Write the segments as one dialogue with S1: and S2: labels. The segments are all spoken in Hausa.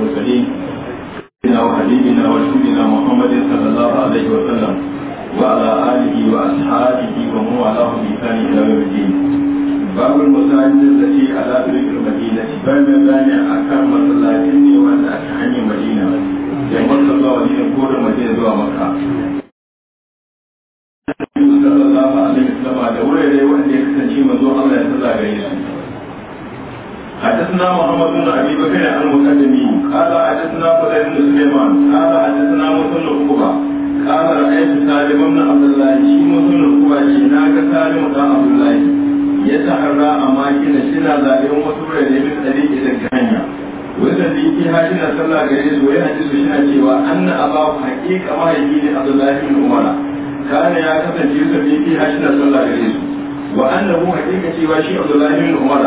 S1: المرسلين سيدنا وحبيبنا وسيدنا محمد صلى الله عليه وسلم وعلى آله وأصحابه ومن والاه بإحسان إلى يوم الدين باب المساجد التي على طريق المدينة باب الباني أكثر مسلاتين وأن أكثر مدينة يمر الله ودين كل مدينة مكة بكر المقدمي قال حدثنا فلان بن سليمان قال حدثنا مسلم عقبه قال رايت سالم بن عبد الله شي مسلم عقبه شي ناك سالم بن عبد الله يتحرى اماكن شنا زارين وسوره ne min tsariki daga hanya wanda da yake na sallah gare su wai hadisi shi na cewa anna abahu mahaifi ne Abdullahi bin Umar kana ya kasance su bi haji na sallah gare su wa annahu haqiqa cewa shi Abdullahi bin Umar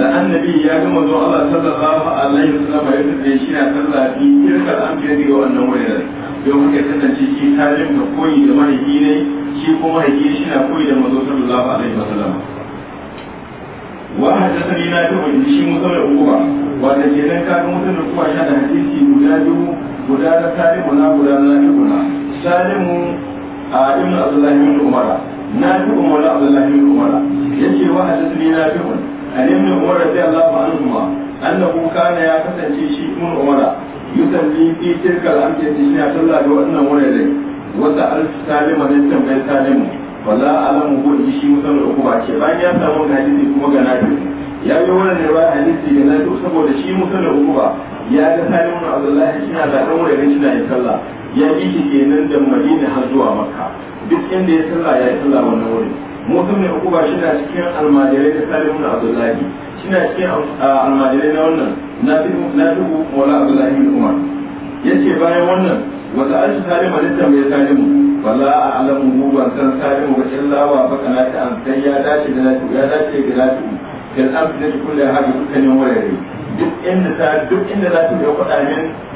S1: annabi ya ga mazo Allah sallallahu alaihi wasallam ya tafi shi na sallah bi irkal ambiya daga wannan wurin don haka tantance shi talim da koyi da mahaifi ne shi kuma mahaifi shi na koyi da mazo sallallahu alaihi wasallam wa hadathani na dubu shi mutum da uba wanda kenan ka ga mutum da kuwa yana hadisi guda dubu guda da salimu na guda na ibuna salimu a ibnu abdullahi ibn umara na dubu umara abdullahi ibn umara yace wa hadathani na wani. an ibn umar radiyallahu anhu annahu kana ya kasance shi ibn umar yusalli fi tilkal amkiyati shi ya salla da wannan wurare wata alf salima ne tambayar salimu wala alamu ko shi musan ukuba ce bayan ya samu hadisi kuma ga nafi ya yi wannan ne bayan hadisi na duk saboda shi musan ukuba ya ga salimu abdullahi shi na zaɓen wurare shi na yin sallah ya bi shi ke nan da madina har zuwa makka duk inda ya sallah ya yi sallah wannan wurin mutum mai hukuma shi na cikin almajirai da salimu na abdullahi shi na cikin almajirai na ah, wannan na dubu mola abdullahi bin umar ya ce bayan wannan wata an shi salim halitta mai salimu wala a alamu ban san salimu ba illa wa ba kana ta an kai ya dace da natu ya dace da natu kan amsa da ya haɗu dukkanin wurare duk inda ta duk inda za ta yi faɗa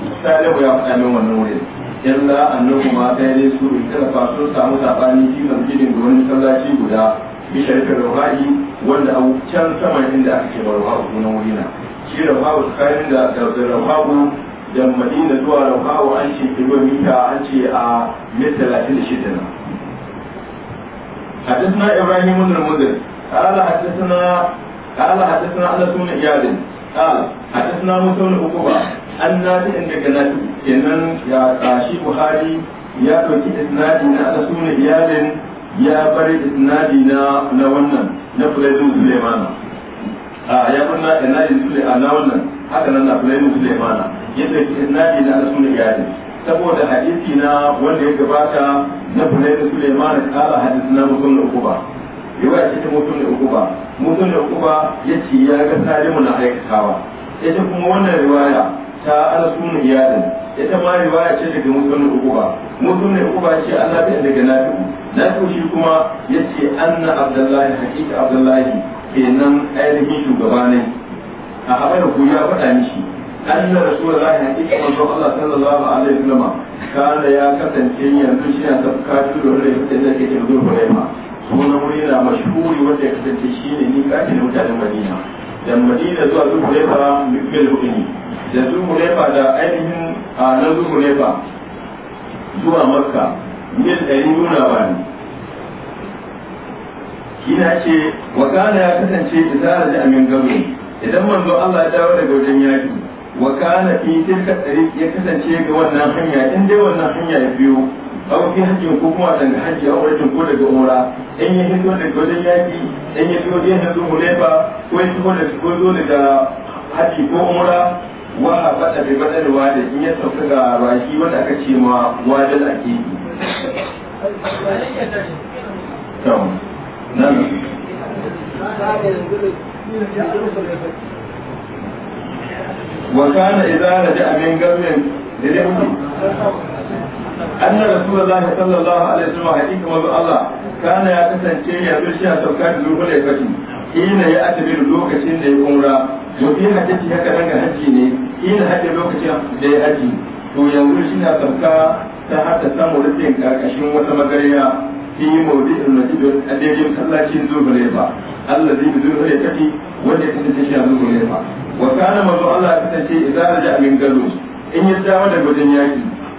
S1: min salimu ya faɗa min wannan wurin illa annahu ma ta yi su ikhtalafa sun samu sabani fi masjidin da wani sallaci guda bi sharifa ruha'i wanda a can sama inda aka ce ruha'u sunan wurina shi ruha'u tsakanin da ruha'u da madina zuwa ruha'u an ce kilomita an ce a mil talatin da shida na حدثنا ابراهيم بن المنذر قال حدثنا قال حدثنا انس بن اياد قال حدثنا موسى بن عقبه an nafi inda ga nafi kenan ya tashi buhari ya ɗauki isnadi na ana suna iyalin ya bari isnadi na na wannan na fulaidun suleimana a ya kunna isnadi suleimana na wannan haka nan na fulaidun suleimana ya ɗauki isnadi na ana suna iyalin saboda hadisi na wanda ya gabata na fulaidun suleimana kala hadisi na mutum da uku ba yawa ce ta mutum da uku ba mutum da uku ba ya ce ya ga salimu na aikatawa ita kuma wannan riwaya ta anasu mu iyalin ita ma riwaya ce daga mutum uku ba mutum ne uku ba ce Allah bai daga nafi'u nafi'u shi kuma yace anna abdullahi hakika abdullahi kenan ayyuki shugaba ne a haɓar ku ya faɗa mishi anna rasulullahi hakika manzo Allah sallallahu alaihi wasallam kana ya kasance yanzu shi na tafka shi da wanda ya da ke da zuwa ma sunan wuri na mashhuri wanda ya kasance ne ni kafin mutanen Madina dan madina zuwa zuhulefa mil hudini da zuhulefa da ainihin a nan zuhulefa zuwa makka mil ɗari nuna ba ne kina ce wa kana ya kasance zara da amin gabo idan manzo Allah ya dawo daga wajen yaki wa kana fi tilka ya kasance ga wannan hanya in dai wannan hanya ya biyo aw fi hajjin ko kuma daga hajji aw wajen ko daga umra in ya hito da wajen yaki in ya hito da yanzu hulefa ko yi hito da ko zo daga hajji ko umra wa bada bi badal wada in ya sauka ga raki wanda aka ce ma wajen ake nan wa kana idza raja'a min gamin أن رسول الله صلى الله عليه وسلم حقيقة مضى الله كان يتسن شيء يدرشي أن سوكات ذو خليفتي حين يأتي بلوك سن الأمرة وحين تتي هكا لنك هجيني إينا هكي لوك سن هجين وينزل شنا سوكا تحت سامو رتين كاكشن وتمقريا في موضع المسجد الذي يمسلا شين ذو خليفة الذي ذو خليفتي وجه تتشي ذو خليفة وكان مضى الله يتسن شيء إذا رجع من قلوس إن يستعمل بجن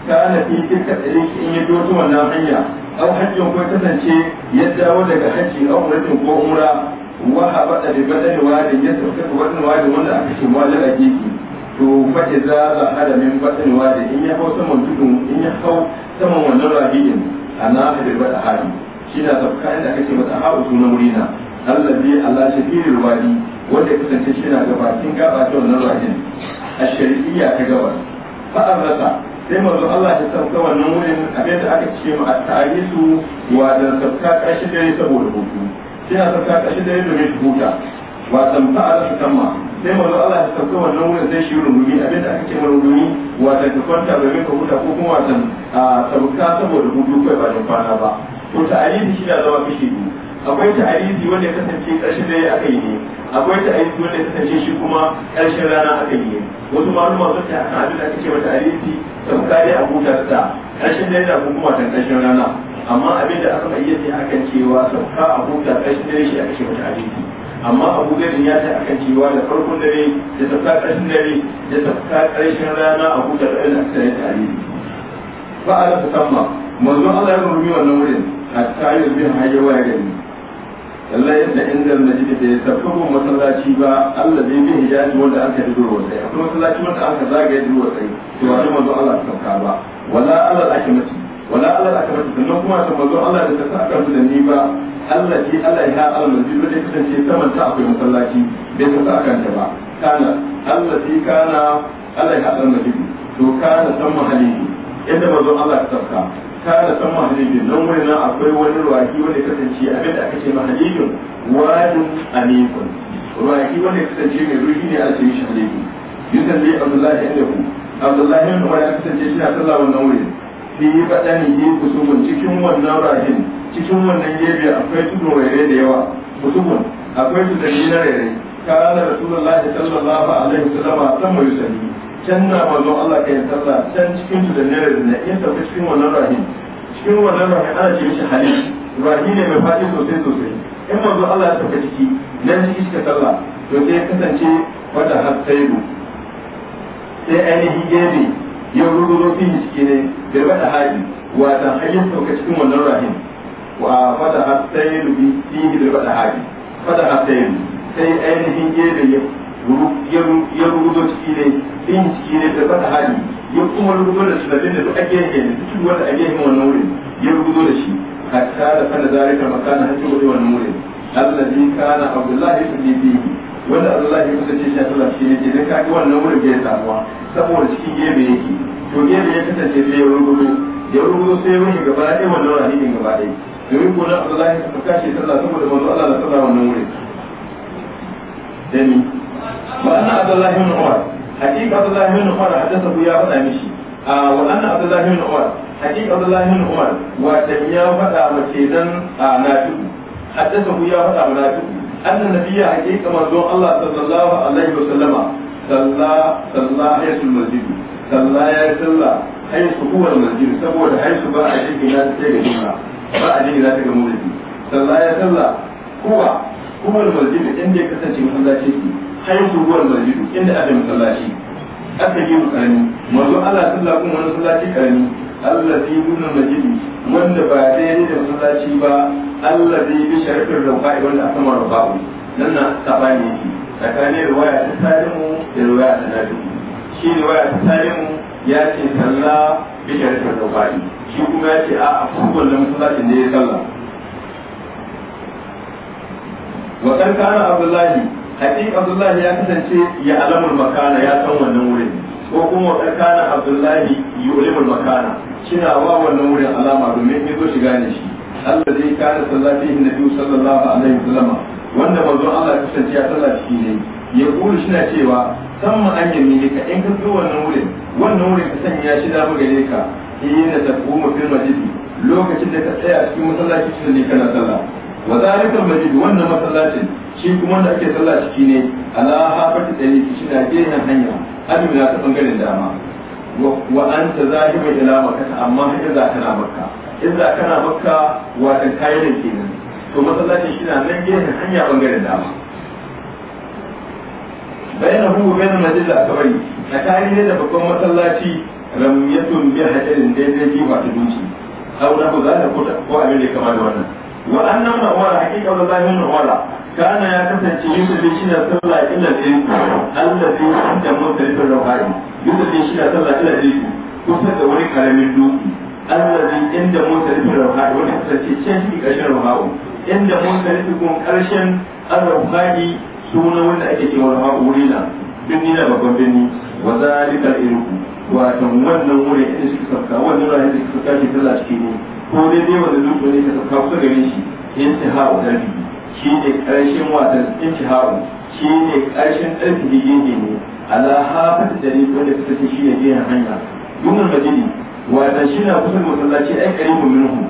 S1: kana fi tilka in ya biyo ta wannan hanya au hajjin ko kasance ya dawo daga hajji au umratin ko umra wa habada bi badani wadin ya tafi da wannan wadin wanda aka ce mallal a jiki to fa min badani wadin in ya hau saman in ya wannan rahidin ana hadir bada hadi shi na inda sunan wurina Allah wanda ya kasance shi na gabatin gaba ta wannan rahidin a shari'iyya ta gaba fa'arrasa sai mazu Allah ya sauka wannan wurin abin da aka ce ma tarisu su da sauka kashi dare saboda hutu sai a sauka kashi dare domin su huta wasan tamta ala su tamma sai mazu Allah ya sauka wannan wurin zai shi rungumi abin da aka ce ma rungumi wa ka kwanta domin ka huta ko kuma wasan sauka saboda hutu kai ba ta kwana ba to ayi shi da zama kashi biyu akwai ta aizi wanda ya kasance ƙarshen dare aka yi ne akwai ta aizi wanda ya kasance shi kuma ƙarshen rana aka yi ne wasu malama sun ta kan abin da aka ce mata aizi ta kare a buta ta ƙarshen dare da kuma ta ƙarshen rana amma abin da aka bayyana akan cewa sauka a buta ƙarshen dare shi aka ce mata aizi amma abu gadin ya ta akan cewa da farkon dare da tafka ƙarshen dare da tafka ƙarshen rana a buta da ɗaya da aka yi aizi. ba a da musamman manzon Allah ya rumi wannan wurin a yanzu bin hajjawa ya gani kalla yadda da inda majid bai tabbabin masallaci ba Allah zai bi hijabi wanda aka yi durwa sai akwai masallaci wanda aka zagaye durwa sai to ba da manzo Allah ka ba wala alal akimati wala alal akimati sannan kuma ta manzo Allah da ta saka ka da ni ba Allah ji Allah ya alal majid wanda kasance saman ta akwai masallaci bai ta saka ta ba kana Allah ji kana Allah ya alal majid to kana san mahalli yadda manzo Allah ya sauka da san mahalibin nan wani nan akwai wani ruwaki wanda kasance abin da aka ce mahalibin wani amikun ruwaki wanda kasance mai ruhi ne a cikin shahalibin yusan dai abdullahi ya ku abdullahi inda ya kasance shi na sallah wannan wurin fi yi faɗa ne yi kusurun cikin wannan rahin cikin wannan gefe akwai tudun rere da yawa kusurun akwai tudun na kala da rasulullahi sallallahu alaihi wasallama san mai yusanni can na manzon Allah ka yi sallah can cikin su da nere da ya tafi cikin wannan rahim cikin wannan rahim ana ce mishi halil rahim ne mai fadi sosai sosai in manzon Allah ya tafi ciki nan ciki suka sallah to sai ya kasance wata har sai sai ainihin gebe ya ruruzo fi ciki ne da wata hali wata hanyar sauka cikin wannan rahim wa fada har sai rubi fi da wata hali fada har sai sai ainihin gebe ya ya rubuto ciki ne din ciki ne da fata hali ya kuma rubuto da sunatin da duk ake yin da duk wanda ake yin wannan wurin ya rubuto da shi hatta da kana zalika makana hatta wurin wannan wurin allazi kana abdullahi ibn bihi wanda Allah ya kusa ce shi Allah shi ne ke da kai wannan wurin bai samuwa saboda cikin gebe yake to gebe ya kasance sai ya rubuto ya rubuto sai ya rubuta gaba ɗaya wannan wurin din gaba ɗaya domin ko na Allah ya kusa ce Allah saboda manzo Allah da sallah wannan wurin وأن عبد الله بن عمر حقيقة عبد الله بن عمر حدثه يا فدا مشي وأن عبد الله بن عمر حقيقة عبد الله بن عمر وتميا فدا مكيدا نافق حدثه يا فدا منافق أن النبي حقيقة مرضو الله صلى الله عليه وسلم صلى صلى حيث المسجد صلى يا صلى حيث هو المسجد سبوة حيث بقى جيك لا تتجه بقى جيك لا تتجه صلى يا صلى هو هو المسجد عندك تتجه مصلى شيء haihu ruwan masjidu inda ake masallaci aka yi karami manzo Allah sallallahu alaihi wani masallaci karami Allah zai nuna masjidu wanda ba daidai da masallaci ba Allah zai bi sharifin rabai wanda aka mara babu nan na sabani yake tsakanin riwaya ta salimu da riwaya ta nabi shi riwaya ta salimu ya ce sallah bi sharifin rabai shi kuma ya ce a kowanne masallacin ne ya sallah وقد كان عبد الله hakika abdullahi ya kasance ya alamul makana ya san wannan wurin ko kuma kana abdullahi yulimul makana shina wa wannan wurin alama domin ya zo shiga ne shi Allah zai kana na nabi sallallahu alaihi wasallam wanda manzon Allah ya kasance ya sallah shi ne ya shi shina cewa san mu an ne ka in ka zo wannan wurin wannan wurin ka sanya shi da gare ka yi na tafi mu firma jiki. lokacin da ka tsaya cikin masallaci ne kana sallah wa zalika majid wannan masallacin shi kuma wanda ake sallah ciki ne ala hafati dalili shi na gehen hanya azumi na ta bangaren dama wa anta zahiba ila makka amma haka za kana makka idza kana makka ta kayan kenan to masallacin shi na nan gehen hanya bangaren dama bainahu wa bainal masjid al a tsakani ne da babban masallaci ramiyatun bi hajarin daidai ji wata dunci aw na ko zalika ko abin da ya kama da wannan wa annan na wala hakika wala zahi na wala kana ya kasance yusuf shi na sallah illa da mun allazi da mutarifin rafa'i yusuf shi na sallah illa da yanku kusa da wani karamin duki allazi inda da rafa'i wani kasance can shi karshen rafa'u inda mutarifin kuma karshen arrafa'i sunan wanda ake cewa rafa'u na birni na babban birni wa zalikal irku wato wannan wurin inda suka sauka wannan wurin inda suka sauka shi sallah cikin ne ko dai dai wanda duk ne ka sauka kusa gare shi intihau darbi shi ne ƙarshen watan intihau shi ne ƙarshen karshen darbi gine ne ala hafa da dare wanda ka tafi shi ne gehen hanya dunan majidi wata shi na kusa ga masallaci ai karibin minhu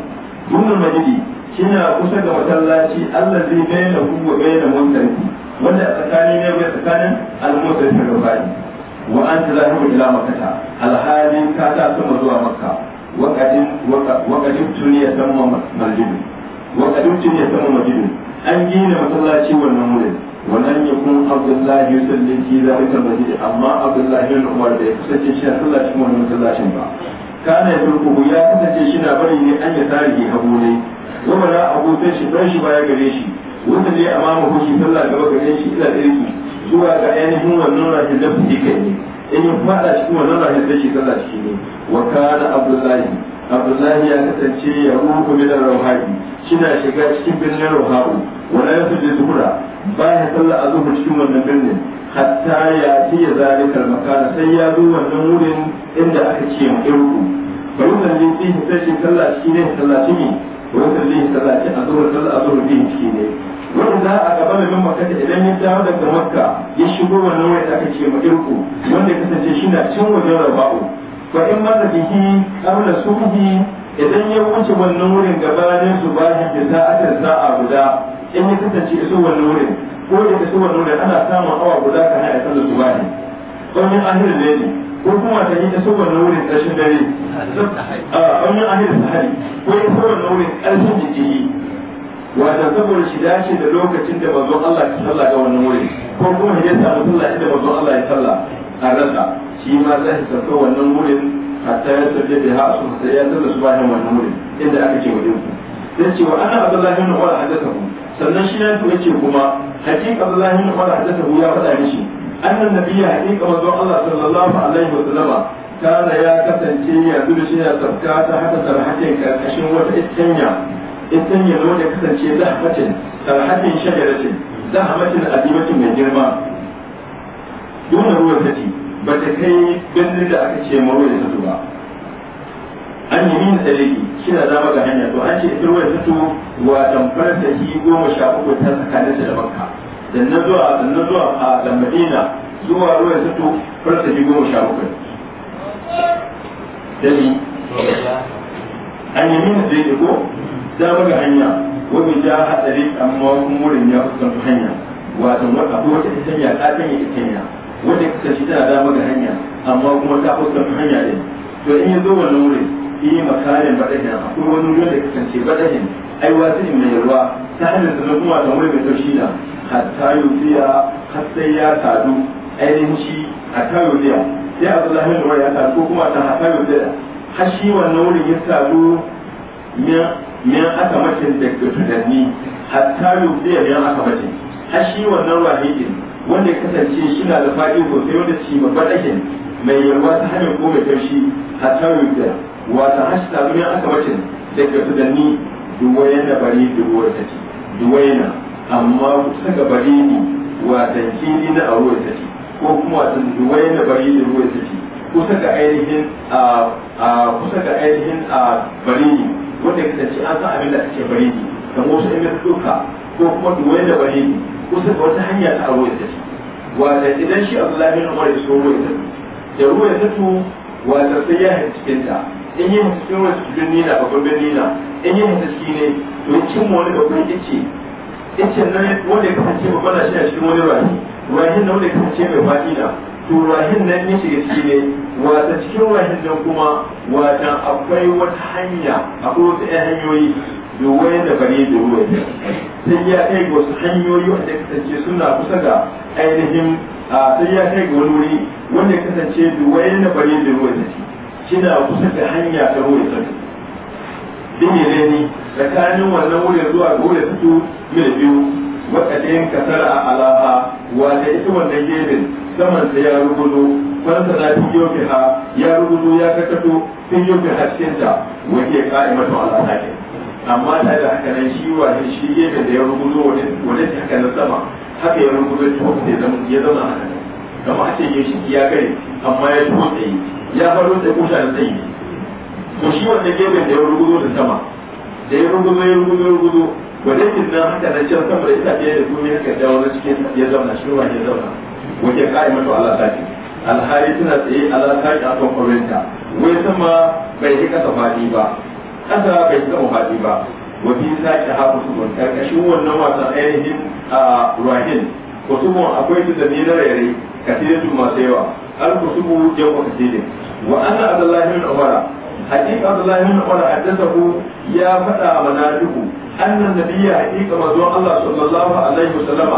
S1: dunan majidi shi na kusa ga masallaci Allah zai bayyana ku wa bayyana muntarki wanda a tsakanin ne bai tsakanin al-mutarki da rubani wa anta zahibu ila makkata alhali ka ta sama zuwa makka وقد ابتني يسمى مسجد وقد ابتني يسمى مسجد an gina masallaci wannan wurin wannan ya kun abdullahi yusalli fi zalika masjid amma abdullahi bin umar da ya kasance shi na sallah cikin masallacin ba kana ya ya kasance shi na bari ne an ya tarihi hagu ne wanda na abu sai shi don shi baya gare shi wata ne amama ko shi sallah gare shi ila irki zuwa ga ainihin wannan rahin da fi kai in ya fada cikin wannan rayuwar da shi sallah ciki ne wa kana abdullahi abdullahi ya kasance ya ruhu min shi shina shiga cikin birnin rauhabu wala ya suje zuhura ba ya sallah azhur cikin wannan birnin hatta ya ci ya zalikal makan sai ya zo wannan wurin inda aka ce mu irku bayyana ne sai shi sallah shi ne kalla shi ne wa sallah shi azhur sallah azhur din shi ne wanda a gaba da bin makka idan ya dawo daga makka ya shigo wannan wani da aka ce ma irku wanda ya kasance shi na cin wajen raba'u fa in ma da bihi aula suhi idan ya wuce wannan wurin gabanin su ba shi da za sa'a guda in ya kasance su wannan wurin ko da su wannan wurin ana samun awa guda ka ya sallar su bayan domin ahirin ne ne ko kuma ta yi so wannan wurin ƙarshen dare a ah, wannan ahirin sahari ko so wannan wurin ƙarshen jiki wata saboda shi dace da lokacin da manzon Allah ya salla ga wannan wuri ko kuma ya samu sallah inda manzon Allah ya salla a rasa shi ma zai sauka wannan wurin hatta ya sauke da ha su sai ya salla su bayan wannan wurin inda aka ce wajen su sai ce wa ana Abdullahi ibn Umar ku. sannan shi ne ya ce kuma hakika Abdullahi ibn Umar ku ya faɗa mishi annan nabiyya hakika manzon Allah sallallahu alaihi wa sallama kana ya kasance ya zuba shi ya tafka ta haka tarhatin karkashin wata iskanya isan ya zo da kasance zahmatin sarhatin shajaratin zahmatin azimatin mai girma dole ruwan sati ba ta kai birnin da aka ce maruwa da satu ba an yi min shi na zama ga hanya to an ce ita ruwan satu wa tamfar ta shi goma sha uku ta tsakanin da makka na zuwa sannan zuwa a da madina zuwa ruwan satu farsa shi goma sha uku dani an yi min tsariki ko da mana hanya wani ja hadari amma kuma wurin ya kusan hanya wato wata abu wata ita hanya ta tanya ita hanya wanda ka shi tana da ga hanya amma kuma ta kusan hanya din to in ya zo wannan wurin yi makarin badahin akwai wani wurin da kasance badahin ai wasu in mai ruwa ta hanyar sanar kuma ta wuri mai taushi na hatta yusiya har sai ya sadu ainihin shi hatta yusiya sai a zuwa hanyar ruwa ya sadu ko kuma ta hatta yusiya har shi wannan wurin ya sadu min aka macin da tudanni hatta yubdiya min aka macin har shi wannan wahidin wanda ya kasance shi na da fadi ko sai wanda shi babban dakin mai yalwa ta hanyar ko mai taushi hatta yubdiya wata hashta min aka macin da tudanni duwayen da bari duwar ta ci duwayena amma kusa saka bari ni wata kini na aure ta ci ko kuma wata duwayen da bari duwar ta ci kusa ga ainihin a kusa ga ainihin a bari wanda ya kasance an san abin da ake bari ne motsa wasu ɗan duka ko kuma duwaye da bari ne kusa da wata hanya ta aro ita ce wanda idan shi Allah bin umar ya so ruwa ya da ruwa ya tattu wanda sai ya hin cikin ta in yi mutu cikin wasu cikin nina babban bin nina in yi mutu ciki ne to cin wani babban ice icen nan wanda ya kasance babban na shi a cikin wani rahi rahin na wanda ya kasance mai faɗi na to nan ya shiga ciki ne wata cikin wahin nan kuma wata akwai wata hanya akwai wasu ɗaya hanyoyi da wayar da bare da ruwa sai ya kai ga wasu hanyoyi wanda ya kasance suna kusa da ainihin sai ya kai ga wani wuri wanda ya kasance da wayar da bare da ruwa ciki na kusa da hanya ta ruwa ta dinne ne tsakanin wannan wurin zuwa ga wurin fito mil biyu waɗannan kasara a alaha wanda ita wannan gemin saman sa ya rugudu fansa na fi yoke ha ya rugudu ya kakato fi yoke ha cikin ta wanda ya ka'i mata alaha ne amma ta da haka nan shi wa shi gemin da ya rugudu wanda ta haka nan sama haka ya rugudu ya zama haka nan kama a ce ya shi ya gari amma ya tuwo tsaye ya faro tsaye kusa da da tsaye to shi wanda gemin da ya rugudu da sama da ya rugudu ya rugudu ya rugudu gwadatin nan haka na can sama da ita ɗaya da duniya haka da wani cikin ya zauna shi ruwan ya zauna wace ƙa'i to Allah sake alhali suna tsaye Allah sake a kan kwarinta wai sama bai yi ƙasa faɗi ba kasa bai yi sama faɗi ba wafi sake hafa su gun ƙarƙashin wannan wasan ainihin a ruwahin kusubun akwai su da ni na rere kasirin masu yawa al kusubu yau tilin wa na abdullahi bin umara حديث عبد الله بن عمر حدثه يا فتى مناجه أن النبي حقيقة مزوع الله صلى الله عليه وسلم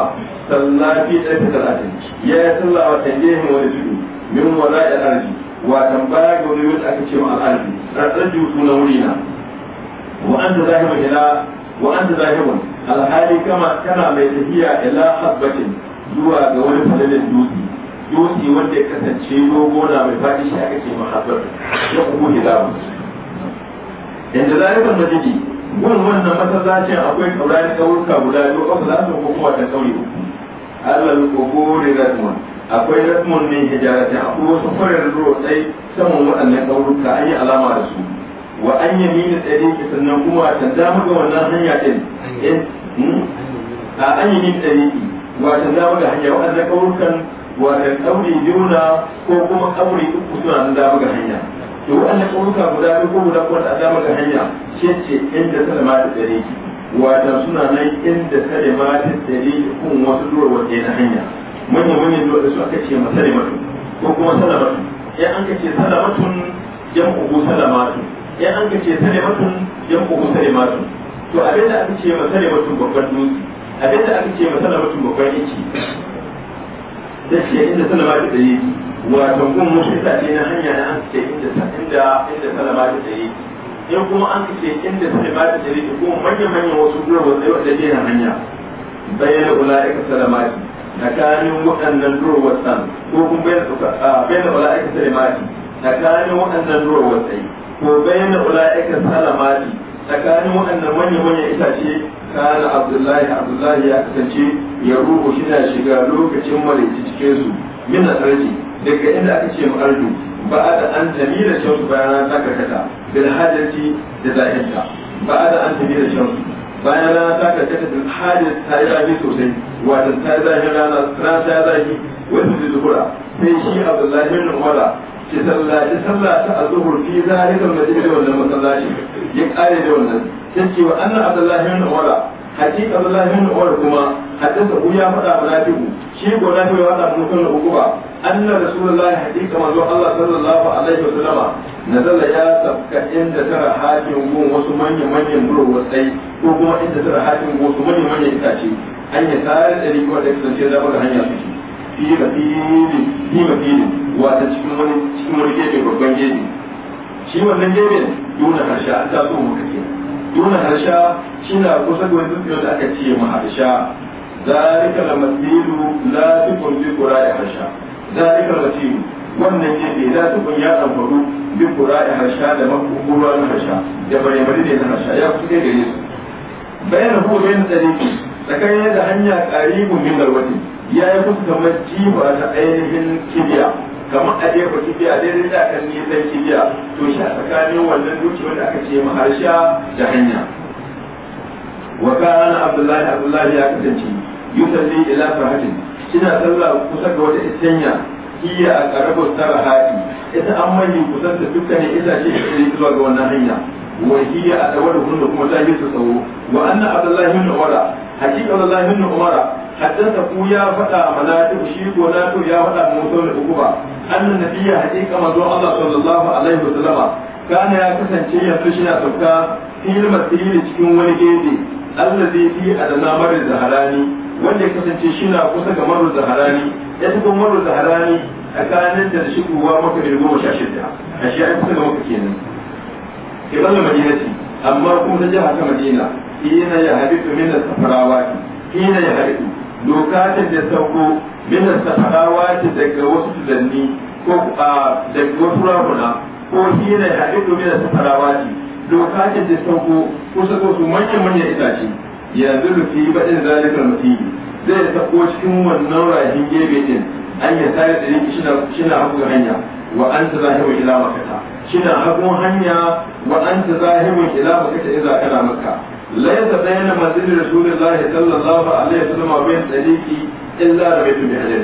S1: صلى في ألف ثلاثين يا صلى وتجيه ورجل من وراء الأرض وتنباك وليول أكتشم الأرض رجل سنورينا وأنت ذاهب إلى وأنت ذاهب الحالي كما كان بيتهيا إلى حبة zuwa ga wani falalin dutse dutse wanda ya kasance dogo na mai fadi shi aka ce mahabbar ya kuma hizabu yanzu zalibar majidi gun wannan ce akwai kaurari kaurka guda biyu kasu za su kuma wata kauri kogo da radmon akwai radmon ne hijarati akwai wasu farin tsaye. saman waɗannan kaurka an yi alama da su wa an yi mini tsari sannan kuma ta dama ga wannan hanya ɗin eh, hmm? a an yi mini tsari wa ta dama ga hanya waɗannan kaurukan wata kauri juna ko kuma kauri uku suna nan dama ga hanya to wannan kauruka guda biyu ko guda kuma da dama ga hanya ce ce inda salama da dare wata suna nan inda salama da dare kun wasu durwar ɗaya na hanya manyan manyan durwar da su aka ce masalimatu ko kuma salamatu ya an ka ce salamatun jam'u salamatu ya an ka ce salamatun jam'u salamatu to abinda aka ce masalimatun babban dutse abinda aka ce masalimatun babban ici dace inda salama ta tsaye wato kun mushrika ce na hanya da an ce inda inda inda salama ta tsaye in kuma an ce inda salama ta tsaye ko manyan manyan wasu gurbe da wanda ke na hanya bayyana ula'ika salamati tsakanin waɗannan durwatsan ko kuma bayyana ula'ika salamati tsakanin waɗannan durwatsai ko bayyana ula'ika salamati tsakanin waɗannan manyan manyan itace kana abdullahi abdullahi ya kasance ya shiga lokacin maraici cikin su min nasarci daga inda aka ce ma'arju ba da an tamila shamsu bayan rana ta karkata da zahinta ba an tamila shamsu bayan rana ta karkata bil hajjati zafi sosai wato ta yi rana zafi sai shi abdullahi ki sallaci sallah ta azhur fi zalika al-masjid wannan masallaci ya kare da wannan sai ce wa anna abdullahi ibn umar hakika abdullahi ibn umar kuma hadisa ku ya fada munafiku shi ko na ya wada mutum na uku ba anna rasulullahi hakika manzo Allah sallallahu alaihi wa sallama nazala ya sabka inda tara hajin gun wasu manyan manyan buru wasai ko kuma inda tara hajin wasu manyan manyan itace hanya tare da rikuwa da kasance zaba ga hanya su fi matilin fi matilin wata cikin wani cikin wani gefe babban gefe shi wannan gefen duna harsha an taso muka ke duna harsha shi na kusa da wani tsuntsaye da aka ce ma harsha zalika la matilu la tukun bi qura'i harsha zalika la matilu wannan gefe la tukun ya amfaru bi qura'i harsha da makuburan harsha da bare bare ne na harsha ya kusa gare su bayan huwa bin tsariki tsakanin da hanya qaribu min darwati ya yi musu kamar jiba ta ainihin kibiya kamar a jefa kibiya dai da kan nisan kibiya to shi a tsakanin wannan duki wanda aka ce ma harsha da hanya wa kana abdullahi abdullahi ya kasance yusalli ila farhatin kina sallah kusa ga wata istanya hiya a karabar sarahati ita an manyan kusan da dukkanin itace da zuwa ga wannan hanya وهي أتولهن كما تاهي تصور وأن wa anna abdullahi ibn umara hakika abdullahi ibn umara haddasa ku ya faɗa a malatu shi gona to ya faɗa mutum da uku ba annan nabiya haƙiƙa mazo Allah sallallahu alaihi wasallama kana ya kasance yanzu shi na sauka fil masiri cikin wani gefe allazi fi adana marar zaharani wanda ya kasance shi na kusa ga marar zaharani ya tuka marar zaharani kanin da kuwa maka da goma sha shida a shi an kusa ga maka kenan madina ci, amma kuma na jiha ta madina hina ya habitu min safarawa hina ya habitu doka ta da sauko bisa saharawa daga wasu tudanni ko a daga wasu rahuna ko hira ya haɗu domin da saharawa ce doka ta da sauko kusa ko su manyan manyan itace yanzu da fi baɗin zalikar mutum zai sauko cikin wannan rahin gebe din an ya tare da yake shina hagu hanya wa an ta zahiru ila makata shina hagu hanya wa an ta zahiru ila makata idan kana makka laisa bayanan masirin rasulun lahi sallallahu alaihi wasallam bin tsariki illa da bai tumi hajjin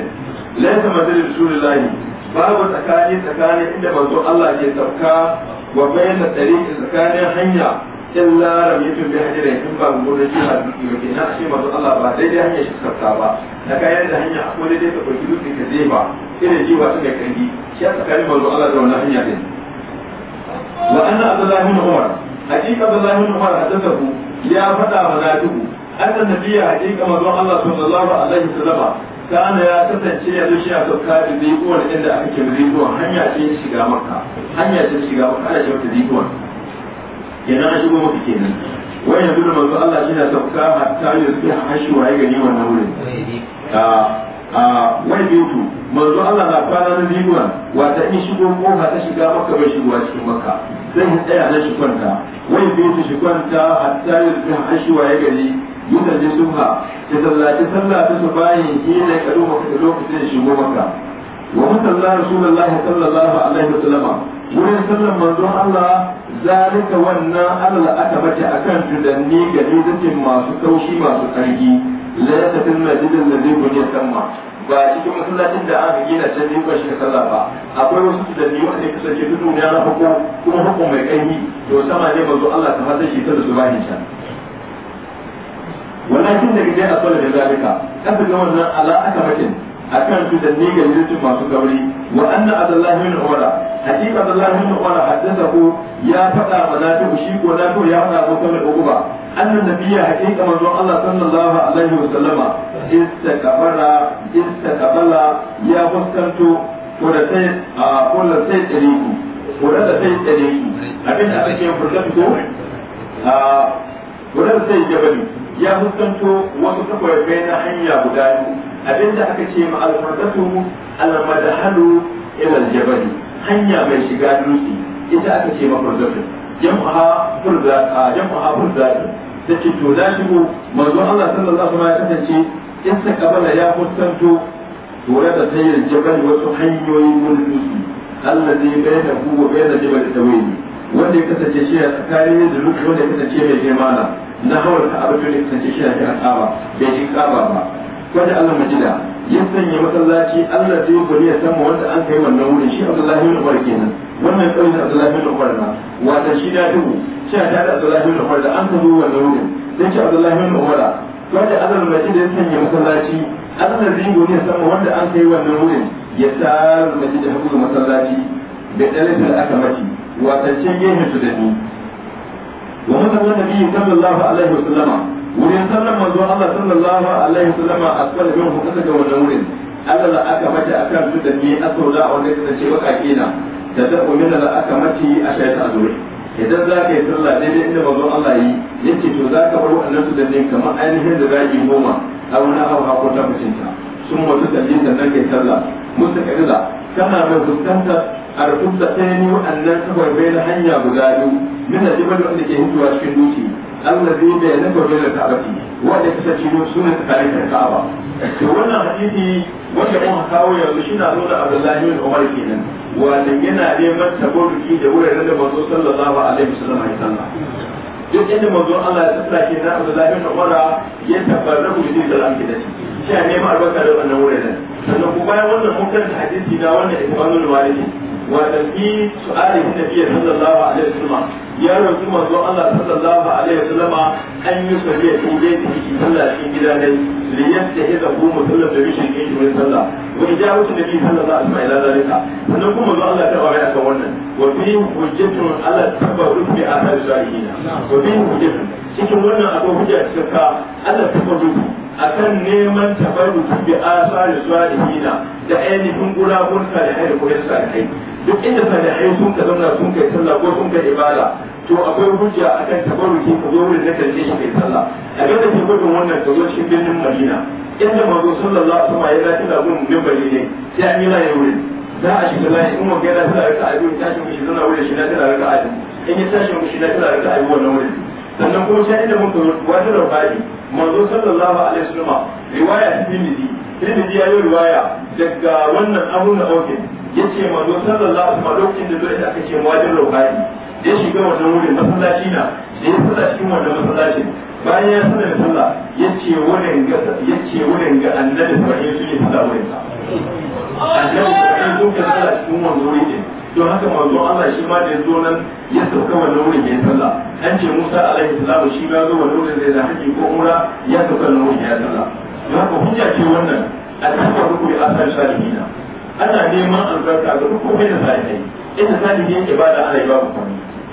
S1: laisa masirin rasulun lahi babu tsakani tsakani inda manzon allah ke sauka wa bayanan tsariki tsakanin hanya illa da bai tumi hajjin in ba mu gudun jiha biki ba ke na ashe manzon allah ba daidai hanyar shi sauka ba na kayan da hanya a kone dai ka ɗauki dutse ka je ba irin ji wasu mai kangi shi a tsakanin manzon allah da wannan hanya din wa anna abdullahi bin umar حديث عبد ya faɗa wa zaɗu annan nabiya haƙiƙa mazan Allah sallallahu alaihi wasallama kana ya kasance ya zo shi a sauka da zikuwan inda aka ke zikuwan hanya ce shiga maka hanya ce shiga maka ana ce mata zikuwan yana an shigo maka kenan wani ya da manzo Allah shi na sauka hatta yau sai hashi ya gani wannan wurin a wani biyu manzo Allah na kwana na zikuwan wata in shigo ko ta shiga maka bai shigowa cikin maka sai ya tsaya na shi kwanta wai bai shi kwanta ya ya gari yadda ne subha ya sallaci sallah ta su bayan kila ya karo maka da lokacin ya shigo maka wa musalla rasulullah sallallahu alaihi wurin sallan manzon Allah zalika wannan Allah aka akan tudanni ga dukkan masu kaushi masu kargi la ta tunna didan da zai sama ba cikin masallacin da aka gina can biyu kwashi da sallah ba akwai wasu a wanda kasance duk ne na hukun kuma hukun mai ƙarfi to sama ne mazo Allah ta fata shi ta da su bayan can wannan kin da gidai a sallar da zalika kan wannan ala aka akan su da ne ga yusuf masu gauri wa anna abdullahi bin umar hakika abdullahi bin umar haddathahu ya fada mana ta shi ko na to ya fada ko mai uguba annan nabiyya hakika manzon Allah sallallahu alaihi wa wasallama istakbara istakbala ya fuskanto ko da sai a kullu sai dare ku ko da sai dare ku abin da ake furkan ko a ko da sai jabali ya fuskanto wasu takwai bayan hanya guda biyu abinda aka ce ma al-fardatu al-madhalu ila al-jabal hanya mai shiga dutse ita aka ce ma fardatu jam'a furda jama'a furda take to da shi ko manzo Allah sallallahu alaihi wasallam ya kasance in ta kabala ya mutanto tore da sayyid jabal wasu hanyoyi mun dutse allazi bainahu wa bainal jabal tawili wanda ya kasance shi a tsakanin da dutse wanda ya kasance mai girma na hawar ka abin da ya kasance shi a kaba bai shi kaba ba kada Allah majida ya sanya masallaci Allah sai ku ne sama wanda an kai wannan wurin shi Abdullahi bin Umar kenan wannan kauye da Abdullahi bin Umar na wata shi da duhu shi ta da Abdullahi bin Umar da an ka wannan wurin sai shi Abdullahi bin Umar kada Allah majida ya sanya masallaci Allah sai ku ne sama wanda an kai wannan wurin ya tsara majida hukumar masallaci da dalilin akamati wata ce yake su da ni wa mutum nabi sallallahu alaihi wasallama wurin sallan manzo Allah sallallahu alaihi wasallam a kan yin hukunta da wannan wurin Allah la aka mace akan su da ni a sauda a wanda ta ce baka kina da da umin da aka mace a shaytan azuri idan za ka yi sallah daidai inda manzo Allah yi yace to za ka bar wannan su da ni kamar ainihin da zaki goma a wani abu hakon ta mutunta sun mutu da jin sannan kai sallah mustaqilla kana mai fuskantar arkuta ta ni wa'annan kawai bai na hanya guda biyu min da jibal wanda ke hutuwa cikin duki allazi da ya nufa bai da ta'abati wanda kusa ciro suna ta kare da ka'aba to wannan hadisi wanda mun kawo yanzu shi na zo da abdullahi bin umar kenan wanda yana neman tabarruki da wuraren da manzo sallallahu alaihi wasallam ya sanna duk inda manzo Allah ya tsara ke na abdullahi bin umar ya tabarruku da dinin al-amkidati shi ne ma albarka da wannan wuraren sannan kuma bayan wannan mun karanta hadisi da wannan ibnu walidi wanda fi su'ali da nabi sallallahu alaihi wasallam ya roki masu Allah sallallahu alaihi wasallam an yi sabiya fi baiti fi sallah cikin gida ne li yastahiza hu musallam da bishin kin wurin sallah wa ijabatu nabi sallallahu alaihi wasallam ila zalika sannan kuma zuwa Allah ta bare akan wannan wa fi hujjatun ala tabarruk bi athar shahina wa fi hujjatun cikin wannan akwai hujja cikin ka Allah a akan neman tabarruk bi athar na da ainihin gurabun salihai da kuma salihai duk inda sanayi sun ka zauna sun kai sallah ko sun kai ibada to akwai hujja akan tabarruki ka zo wurin da karshe shi kai sallah abin da gudun wannan to zo shi birnin madina inda mazo sallallahu alaihi wasallam ya lati da ne sai an yi layi wurin za a shiga layi in da yana ta raka ta tashin shi zauna wurin shi na tana raka'a abin in ya tashin shi na tana raka'a abin wannan wurin sannan kuma sai inda mun kawo wata rabari mazo sallallahu alaihi wasallam riwaya ta tirmidhi tirmidhi ya yi riwaya daga wannan abun na aukin yace manzo sallallahu alaihi wasallam lokacin da zai aka ce wajen rohani ya shiga wannan wurin masallaci na da ya sallah cikin wannan masallacin bayan ya sallah da sallah yace wurin ga yace wurin ga annabi sai shi ne sallah wurin sa annabi sai zo ka sallah cikin wannan wurin din don haka manzo Allah shi ma da ya zo nan ya sauka wannan wurin ya sallah an ce Musa alaihi salam shi ma zo wannan wurin zai da haji ko umra ya sauka wannan wurin ya sallah don haka hujja ce wannan a cikin rukuni asal salihina ana neman albarka ga duk kuma da yi ina sai yin ibada ana yi babu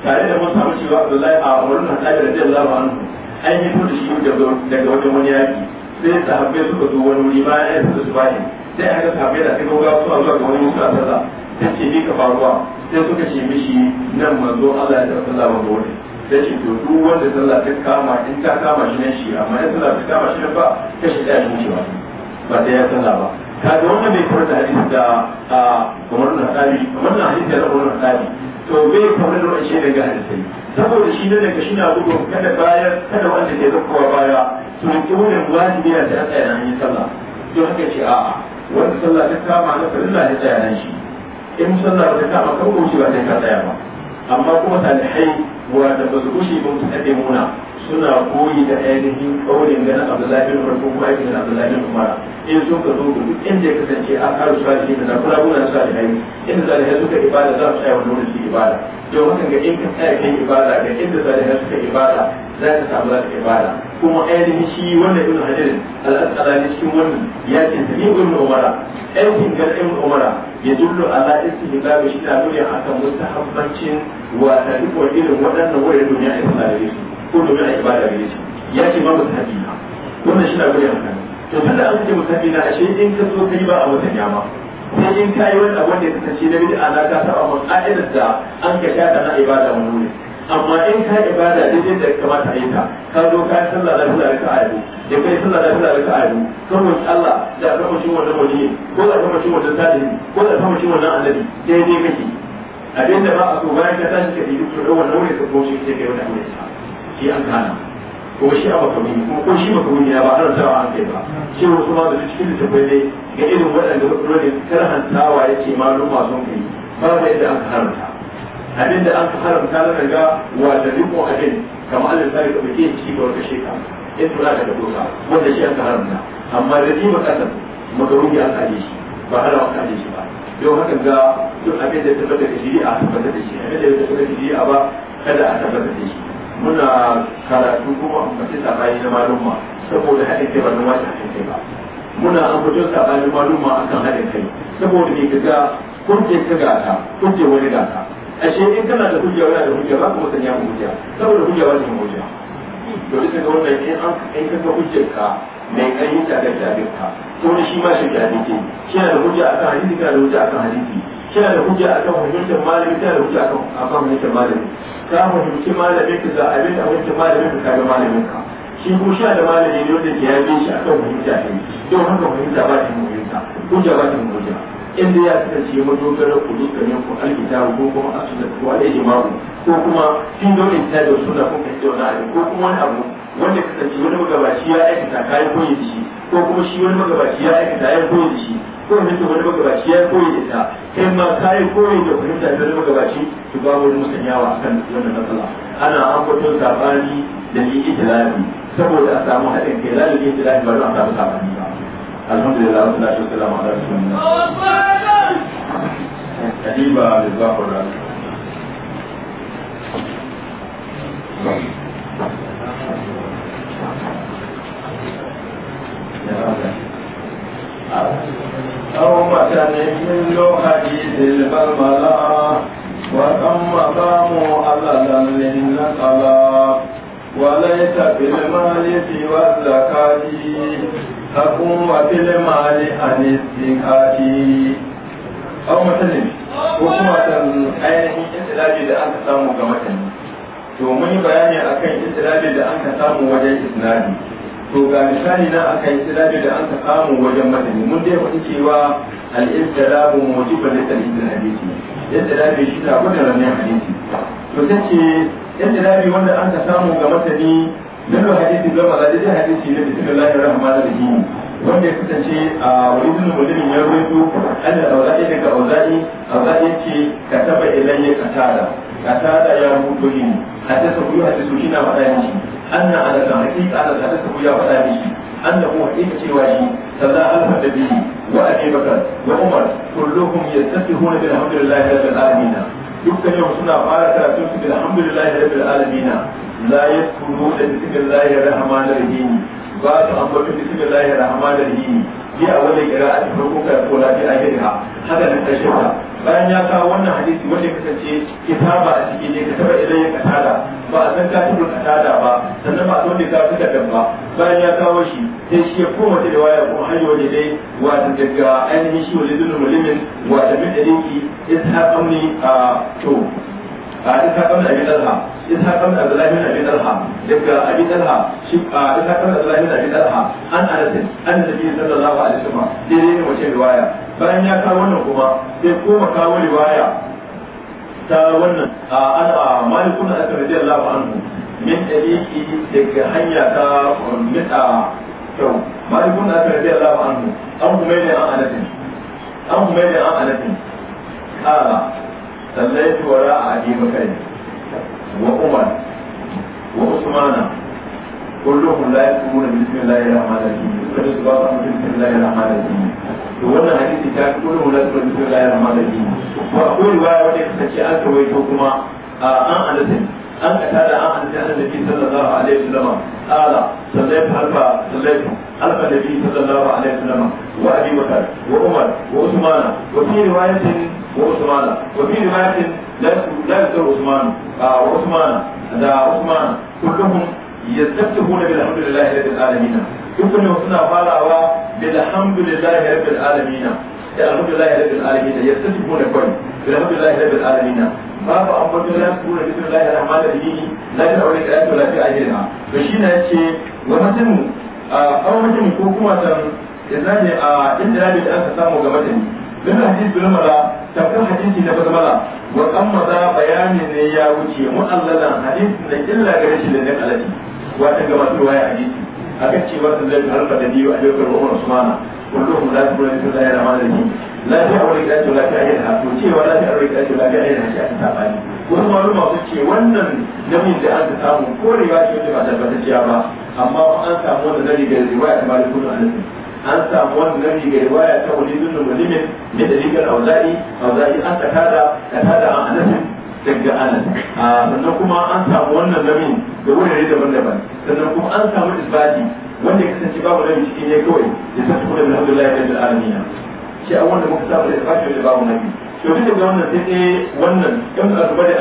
S1: tare da mun samu wa Allah a wurin Hassan radiyallahu anhu an yi da shi daga wajen wani yaki sai sahabbai suka zo wani wuri ma ya su su bani sai aka sahabbai da suka ga su zuwa ga wani musa sallah sai ce ni ka faruwa sai suka ce mishi nan manzo Allah ya tabbata sallah manzo ne sai ce to duk wanda sallah ta kama in ta kama shi ne shi amma in sallah ta kama shi ne ba kashi ɗaya shi ba ba ta ya sallah ba kaga wannan mai kamar da hadisi da kamar na tsari kamar na hadisi da kamar na tsari to bai kamar da wani daga hadisai saboda shi ne daga shi na gudun kada baya kada wanda ke zakkowa baya to ki wani wani biya da tsaya nan yi sallah to haka ce a'a wanda sallah ta kama na farilla ya tsaya nan shi in sallah ba ta kama kan wuce ba yi ka tsaya ba amma kuma salihai wanda ba su kushe ba su tsaye muna suna koyi da ainihin ƙaurin ganin abdullahi bin umar ko kuma aikin abdullahi bin umar in sun ka zo duk inda ya kasance an karu salihin da zakuna guna salihai inda salihai suka ibada za su tsaya wani wurin su ibada yau hakan ga in ka tsaya kai ibada ga inda salihai suka ibada za ka samu za ibada kuma ainihin shi wannan ibn hajar al ne cikin wannan ya ce ni ibn umara aikin gar ibn umara ya dullu ala istihbab shi da dole haka mustahabbancin wa tariqo irin waɗannan wurin duniya da su ko domin a ibada gare shi ya ce babu na wannan shi da dole haka to da an ce mutabi na ashe in ka so yi ba a wata nyama, sai in yi wani abu da ya kasance na bid'a na ka saba mun a'idar da an ka shata na ibada mun ne amma in ka ibada yadda ka kamata a yi ta ka zo ka yi sallah da fulani ka ayi da kai sallah da fulani ka ayi kan wani Allah da ka shi wannan wani ko da ka shi wannan salihi ko da ka shi wannan annabi daidai kake abinda ba a so bayan ka tashi ka yi duk da wannan wani ka koshi ke kai wannan wani shi an kana ko shi a baka muni ko shi baka muni ba har sawa an kai ba shi wasu kuma da cikin littafai ne ga irin waɗanda tawaye ce ma lumma sun kai ba da yadda an karanta abinda an ka haramta na daga wa da riko abin kamar Allah sai ka bace ciki ga wata sheka in tura ka da dosa wanda shi an ka haramta amma da riba kasan magarubi an kaje shi ba halawa an kaje shi ba don haka ga duk abin da ta tabbata da a tabbata da shi abin da ta tabbata da a ba kada a tabbata da shi muna karatu kuma da sabani na malumma saboda haɗin kai ba na wata haɗin kai ba muna ambacin sabani malumma akan haɗin kai saboda ne ka ga kun ce ka gata kun ce wani gata ashe in kana da hujja wani da hujja ba kuma sanya mu hujja saboda hujja ba shi hujja to duk da wannan in an kai ka hujjar ka mai kai ta da ka to da shi ma shi da dake shi da hujja akan hadisi kana da hujja akan hadisi shi da hujja akan hujjar malami kana da hujja akan akan hujjar malami ka hujji malami ka za a bi da hujjar malami ka ga malamin ka shi kuma sha da malami ne wanda ke yabe shi akan hujja ne don haka hujja ba ta hujja hujja ba ta hujja inda ya kasance madogarar ku dukkanin ku alkitabu ko kuma asuna ko alai imamu ko kuma fin don ta da suna kun kace da abu ko kuma wani abu wanda kasance wani magabaci ya ta kai ko da shi ko kuma shi wani magabaci ya ta ya ko da shi ko ne to wani magabaci ya ko da ta kai ma kai yi da ta da magabaci to ba wani musanyawa akan wannan matsala ana ambaton sabani da ni itilami saboda a samu haɗin kai lalibin itilami ba za a samu sabani الحمد لله رب العالمين والسلام على رسول الله قريبا مصباح الرحمة أو مكان من لوحديث البلبلة وكم مقام أبدا للنقلا وليس بالمال سوى الزكاة hakun wa filin ma'ani a nisikati an mutanen ko kuma san ainihin intilabi da an ka samu ga mutane to mun yi bayani akan intilabi da an ka samu wajen isnadi to ga misali na aka yi intilabi da an ka samu wajen mutane mun dai kuɗi cewa al-intilabu mujibun lisal ibn hadisi intilabi shi na gudanar ne hadisi to sai ce intilabi wanda an ka samu ga mutane nan hadisi don ba zai hadisi ne bismillahir rahmanir rahim wanda ya kasance a wajen mulkin ya rubuto an da auzai daga auzai auzai ce ka taba ilayya katada katada ya rubuto ni hadisa ta hadisu kina faɗa ni anna ala da hakika ala da hadisa ya faɗa ni anna ku hakika cewa shi sallallahu alaihi wa sallam wa abi bakar wa umar kulluhum yastasihuna bilhamdillahi rabbil alamin dukkan yau suna fara karatu su bilhamdillahi rabbil alamin la yadkuru da bismillahi da rahimi ba su ambaci bismillahi da rahimi bi a wani qira'ati farko ka ko la bi akhiriha haka nan kashe ta bayan ya kawo wannan hadisi wanda ya kasance ba a ciki ne ka taba idan ya kasada ba a san katibul kasada ba sannan ba a san da ka fita dan ba bayan ya kawo shi sai shi ya koma da waya ko hanyar waje dai wato daga ainihin shi wajen dunin mulimin wato min da dinki ishaqamni a to a kamni a gidan إسحاق بن عبد الله بن أبي طلحة يبقى أبي طلحة إسحاق بن عبد الله بن أبي طلحة عن أنس عن النبي صلى الله عليه bayan ya kawo wannan kuma sai kuma kawo riwaya ta wannan ana malikun da aka radiyallahu anhu min daliki daga hanya ta mita kyau malikun da aka radiyallahu anhu an kuma ne an anatin an kuma ne an anatin kala sallaitu wara a abi وعمر وعثمان كلهم لا يذكرون الله الله wa kuma an an ka tada an an jihar nabi sallallahu alaihi wasallam qala sallaitu alfa sallaitu alfa nabi sallallahu alaihi wasallam wa abi bakr wa umar wa usmana wa fi riwayatin wa usmana wa fi riwayatin la yusur usman wa usmana da usman kulluhum يستفتحون بالحمد لله رب العالمين يمكن suna farawa بالحمد لله رب العالمين da alhamdulillahi rabbil alamin ya tafi gona kwani da alhamdulillahi rabbil alamin ya la ta aure lafi to shi yace wa mutum a mutum ko kuma san ne a inda rabi da aka samu ga mutum bin hadisi bin mala hadisi na basmala wa maza bayani ne ya wuce mu'allalan hadisin da illa gare shi da alati wa ta ga masu waya hadisi akan cewa da biyu a yau karɓar Usmana mutum za su wani suna yana malami lafiya wani gida ce lafiya ya da to cewa lafiya wani gida ce lafiya ya da shi aka sabani wasu maluma sun ce wannan namun da aka samu ko ne ba ce wanda ba tabbatacciya ba amma an samu wanda nari da riwaya ta malikun alasi an samu wanda nari da riwaya ta wani dunnu mulimin da dalilan auza'i auza'i an ta tada ta tada an alasi daga anas ah, sannan kuma an samu wannan namin da wurare daban-daban sannan kuma an samu isbati wanda ya kasance babu rabi cikin ne kawai ya san su kuma da alhamdulillah rabbil alamina shi a wanda muka samu da ya fashe da babu nabi to duk da wannan sai dai wannan kan da zuba da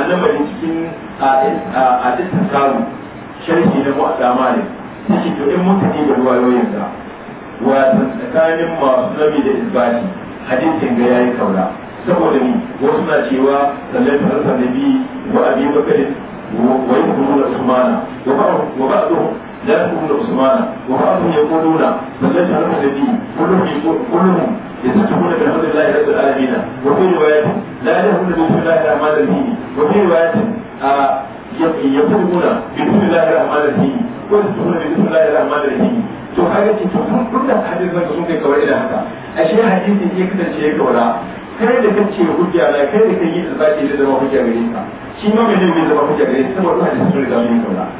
S1: annabarin cikin a dukkan karu sharhi na mu'tama ne shi to in muka tafi da ruwayoyin da wasan tsakanin masu nabi da isbati hadisin ga yayi kaura saboda ni wasu na cewa sallallahu alaihi wasallam wa abi bakr wa ibnu usmana wa ba'dhum لا يكون عثمان وبعضهم يقولون فليجعل النبي كلهم كلهم يستفتحون بحمد الله رب العالمين وفي رواية لا يهون بسم الله الرحمن الرحيم وفي رواية يقولون بسم الله الرحمن الرحيم ويستفتحون بسم الله الرحمن الرحيم to kaga ce to kun kunna hadisin da sun kai kawai da haka ashe hadisi ya kasance ya wala kai da kace hujja na kai da kai yi da zaki da zama hujja gare ka shi ma mai zama hujja gare ka saboda hadisi sun riga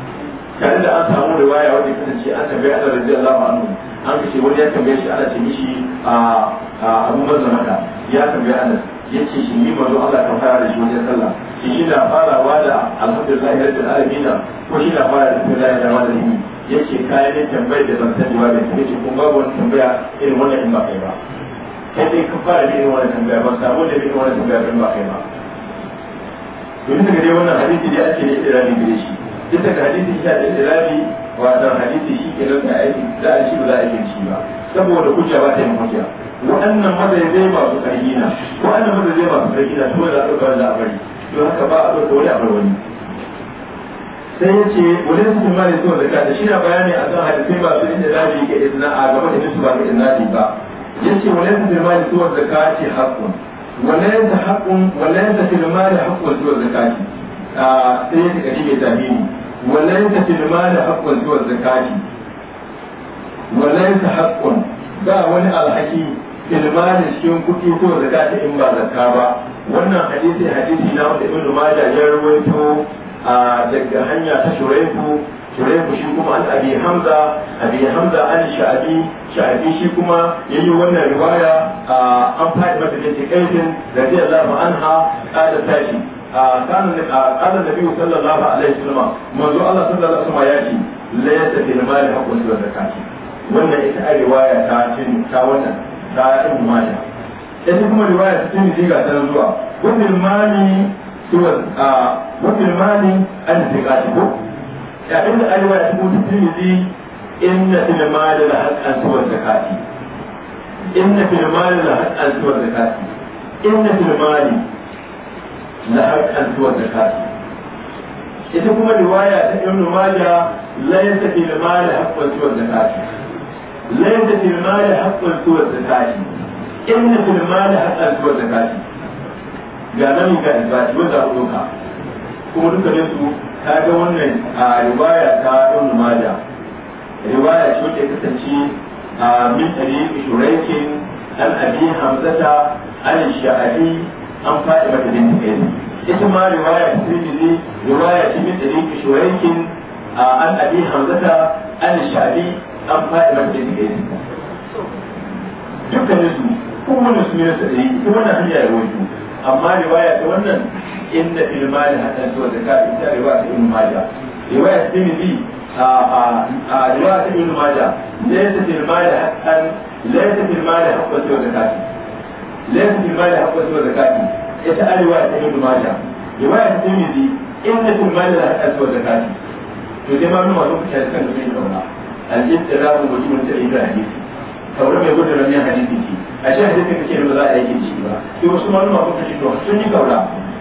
S1: yayin da an samu riwaya wanda kasance an tambaye Allah radiyallahu annu an kace wani ya tambaye shi ana ce mishi a Abu Bakar maka ya tambaye Anas yace shi ni manzo Allah kan fara da shi wajen sallah shi shi na farawa da alhamdulillahi rabbil alamin ko shi na fara da la ilaha da yace kai ne tambayar da ban sani ba da yace kun babu wani tambaya irin wannan in ba kai ba kai dai ka fara da irin wannan tambaya ba samu da irin wannan tambaya ban ba kai ba to daga dai wannan hadisi dai ake ne irani da shi duk da hadisi shi da itirafi wato hadisi shi ke nan da aiki da a ci ba za a yi ci ba saboda hujja ba ta yin hujja waɗannan zai ba su ƙarfi na waɗannan mazaizai masu ƙarfi na kuma za a ɗauka wanda a bari don haka ba a ɗauka wani a bar wani sai ya ce wani su kuma ne zuwa zakka da shi na bayani a kan hadisai masu itirafi ga izina a gaba da su ba ga izinafi ba ya ce wani su kuma ne zuwa zakka ce haƙƙun wani ta haƙƙun wani su filma da haƙƙun zuwa zakka ce ah, sai ya ce ƙarfi mai tafini walan ta filma da zuwa zakati walan ta ba wani alhaki filma cikin kuɗi zuwa zakati in ba zakka ba wannan hadisi hadisi na wanda ibnu majah ya rawaito a daga hanya ta shuraifu shuraifu shi kuma an abi hamza abi hamza an sha'abi sha'abi shi kuma yayi wannan riwaya an fadi mata da take kaifin radiyallahu anha qala tashi كان كان النبي صلى الله عليه وسلم منذ الله صلى الله عليه وسلم يأتي ليس في المال حق سوى الزكاة wannan ita a riwaya ta ta wannan ta ibn majah ita kuma riwaya ta cin diga ta zuwa wannan mali suwa a wannan mali an diga ta ko ya inda mali la haqqan suwa zakati inna mali inna mali na harkar zuwa zakati ita kuma riwaya ta ibn majah laysa fil mali haqqun zuwa zakati laysa fil mali haqqun zuwa zakati ibn fil mali haqqun zuwa zakati ga nan ga ibadi wanda ku doka kuma duka ne su kaga wannan a riwaya ta ibn majah riwaya ce wacce kasance a min tariqi shuraikin an abi hamzata an sha'abi an faɗi mata bin tafiya ita ma riwaya tirmidhi riwaya ce min dalilin an abi hamzata an shabi an faɗi mata bin tafiya dukkanin su kuma wani su ne su ɗari ita wannan hanya ya amma riwaya ta wannan inda ilmali hadan to da ka ita riwaya ta ibn majah riwaya tirmidhi a riwaya ta ibn majah laysa fil mali haqqan laysa fil mali haqqan to لم المال حق أسوى زكاة يسأل رواية ابن ماجه رواية الترمذي إن المال حق أسوى زكاة وكما من معلوم في هذا الكلام بين العلماء الابتلاء وجوب التأييد الحديث sauran mai gudun ramiya hadisi ce a shi hadisi kake da ba za a yi shi ba sai wasu malama kuka ce to sun yi kaura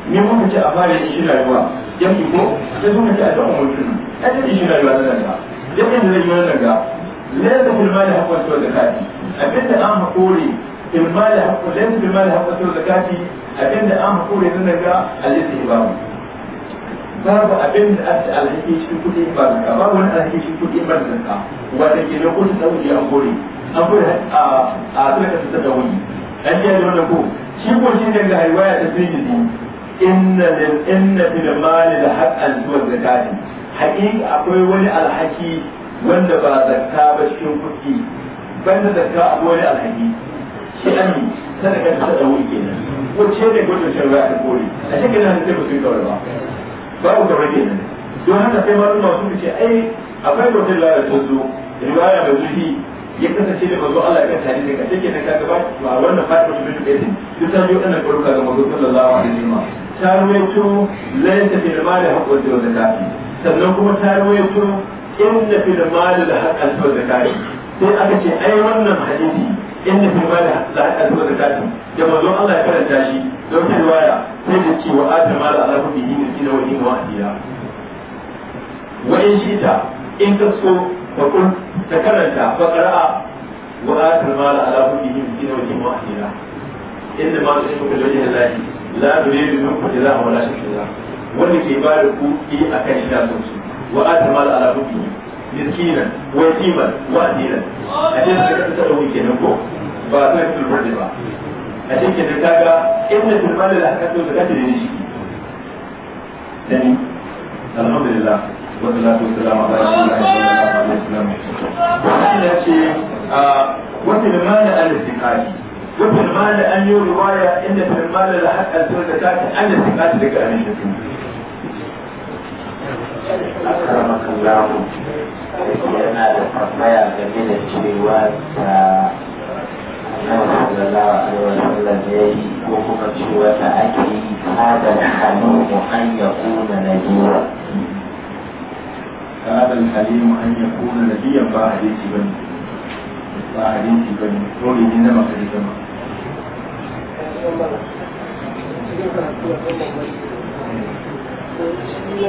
S1: ni muka ce a fara yin shi rayuwa ya ko sai suka ce a don mutum a ce shi rayuwa na nan ga yau da zai yi abinda an haƙore in ma da haƙƙo lalle bi ma da haƙƙo sai zakati abin da an hakuri na daga alisi ba babu abin da aka alhaki cikin kuɗi ba da babu wani alhaki cikin kuɗi ba da ka wanda ke da kuɗi da an an a a tsaka ta da an da ko shi ko shi haiwaya inna lil inna mal haqqan zakati akwai wani alhaki wanda ba zakka ba cikin kuɗi banda zakka akwai wani alhaki an kada ka tsada wuri kenan wacce ne gudun shan ruwa a a cikin nan sai ba su yi kawai ba babu gaba don haka sai malum masu ce ai akwai gudun lara ta zo riwaya da zurfi ya kasance da mazo Allah ya kanta ne ka take da kaga ba ba wannan fatu bin bin duk san yau ana karuka ga mazo sallallahu alaihi wasallam ta ruwaito laysa fil mali haqqul zakati sannan kuma ta ruwaito fil mali haqqul zakati sai aka ce ai wannan hadisi inna fi mala la ya'tu zakati da manzon Allah ya karanta shi don ta riwaya sai da cewa ata mala ala kullihi miskina wa inna wahdiya wa in shita in ka so ta karanta fa qara'a wa ata mala ala kullihi miskina wa inna wahdiya inna ma tusibu bil wajhi Allah la nuridu minkum jazaa wanda ke ba da a kan shi da sun wa ata mala ala kullihi miskinan wa yatiman wa adilan a cikin da ka tsaro kenan ko ba zai tulbani ba a cikin da kaga inda tulbani da aka so da kace ne shi dani alhamdulillah wa salatu wassalamu ala rasulillah wa sallam wannan ya ce a wata limana al-istiqali wata limana an yi riwaya inda tulbani da aka so da kace an istiqali daga an shi akramakallahu yana da tambaya game da cewa sallallahu alaihi wasallam ya yi ko kuma ce wata ake yi kada halimu an ba ba
S2: dole ne ne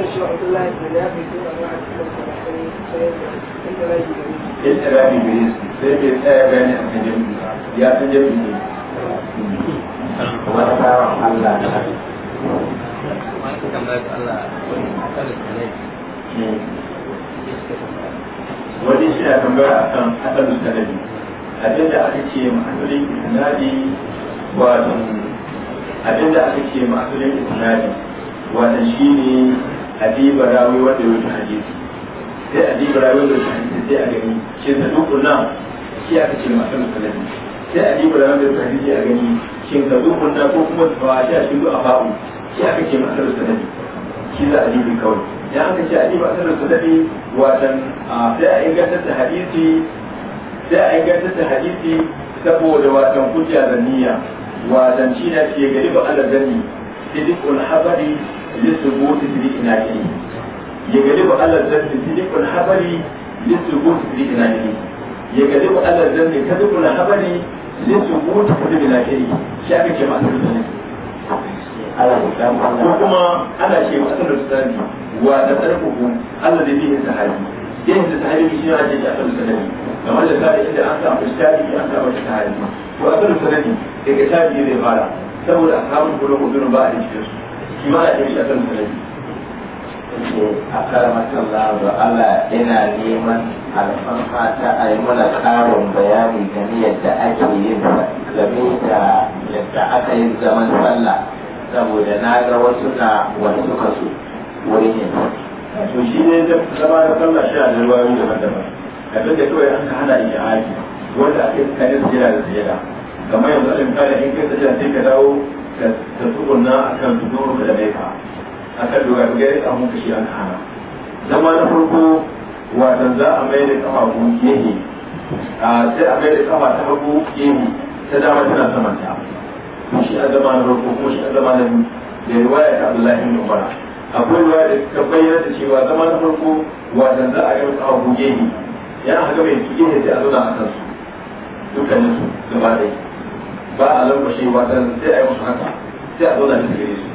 S1: wani shi na tambaya a kan asalin sanadi abinda aka ce ma'asalin sanadi wato abinda aka ce ma'asalin sanadi wata shi ne adiba rawi wanda ya wuce hadisi sai adiba rawi wanda ya wuce hadisi sai a gani shi da duk nan shi aka ce masu musulmi sai adiba rawi wanda ya wuce hadisi a gani shi da duk nan ko kuma ba shi a shi a ba'u shi aka ce masu musulmi shi za adibi kawai ya aka ce adiba masu musulmi watan sai a ingantar da hadisi sai a ingantar da hadisi saboda watan hujja da niyya watan shi na ke gari ba Allah gani sai habari للثبوت في إناته يجلب على الذنب كذب الخبر للثبوت في إناته يجلب على الذنب كذب الخبر للثبوت في إناته شاكك كما أسأل ko kuma ana ce wa asalin sani wa da tsarkuku Allah da bihin sahabi yin da sahabi shi ne ake ce asalin sanadi kamar da sahabi inda an samu shari an samu sahabi ko asalin sanadi daga shari zai fara saboda a samun gurin gudun su shi ma da shi da kan a karamatin lamba Allah yana neman alfanka ta a yi mana karin bayani game yadda ake yin game da yadda aka yi zaman sallah saboda na ga wasu na wani suka so wurin yin to shi ne zama da sallah shi a jirwayoyi daban-daban abin da kawai an hana iya aji wanda ake kanin sujada da sujada kamar yanzu alimtari in kai sujada sai ka dawo ta tsugunna a kan tunan da mai a kan doga ga ya samu kashi an hana zama na farko wata za a mai da kafafun kehi a sai a mai da kafa ta hagu kehi ta dama tana samanta. kuma shi a zama na farko kuma shi a zama na biyu da riwaya ta Abdullahi bin umara akwai riwaya da ta bayyana da cewa zama na farko wata za a yi masa hagu kehi yana haka mai kehi sai a zauna a kansu dukkaninsu gaba ɗaya ba a lokaci ba ta sai a yi musu haka sai a zauna da gare su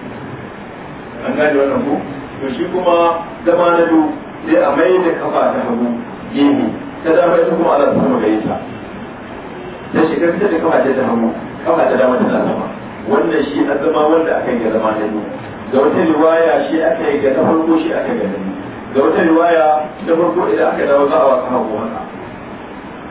S1: an gane wannan ku to shi kuma zama na biyu sai a mai da kafa ta hagu gini ta dama ita kuma ala kuma gare ta ta shiga fitar da kafa ta hagu kafa ta dama ta sama wannan shi a zama wanda aka yi ga zama na biyu ga wata riwaya shi aka yi ga na farko shi aka yi ga na ga wata riwaya ta farko idan aka dawo za a wasu hagu haka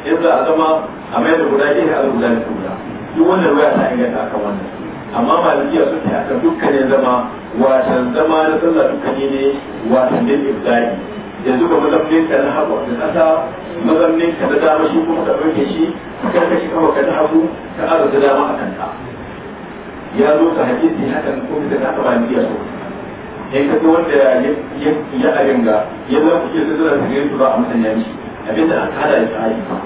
S1: Yadda a zama a mai da guda ɗaya a guda da guda duk wannan ruwa ta inganta akan wannan amma malikiya sun ta akan dukkanin zama watan zama na sallah dukkanin ne watan din ibtari yanzu ga mazamnin ka na hagu da kasa mazamnin ka da dama shi kuma ka ɗauke shi ka kashi kama ka na hagu ka aza da dama a ta ya zo ta hadisi hakan ko da haka malikiya sun in ka wanda ya abin ga ya zama kuke zai zai zai ba a masanya mishi abinda aka hada da ta ba.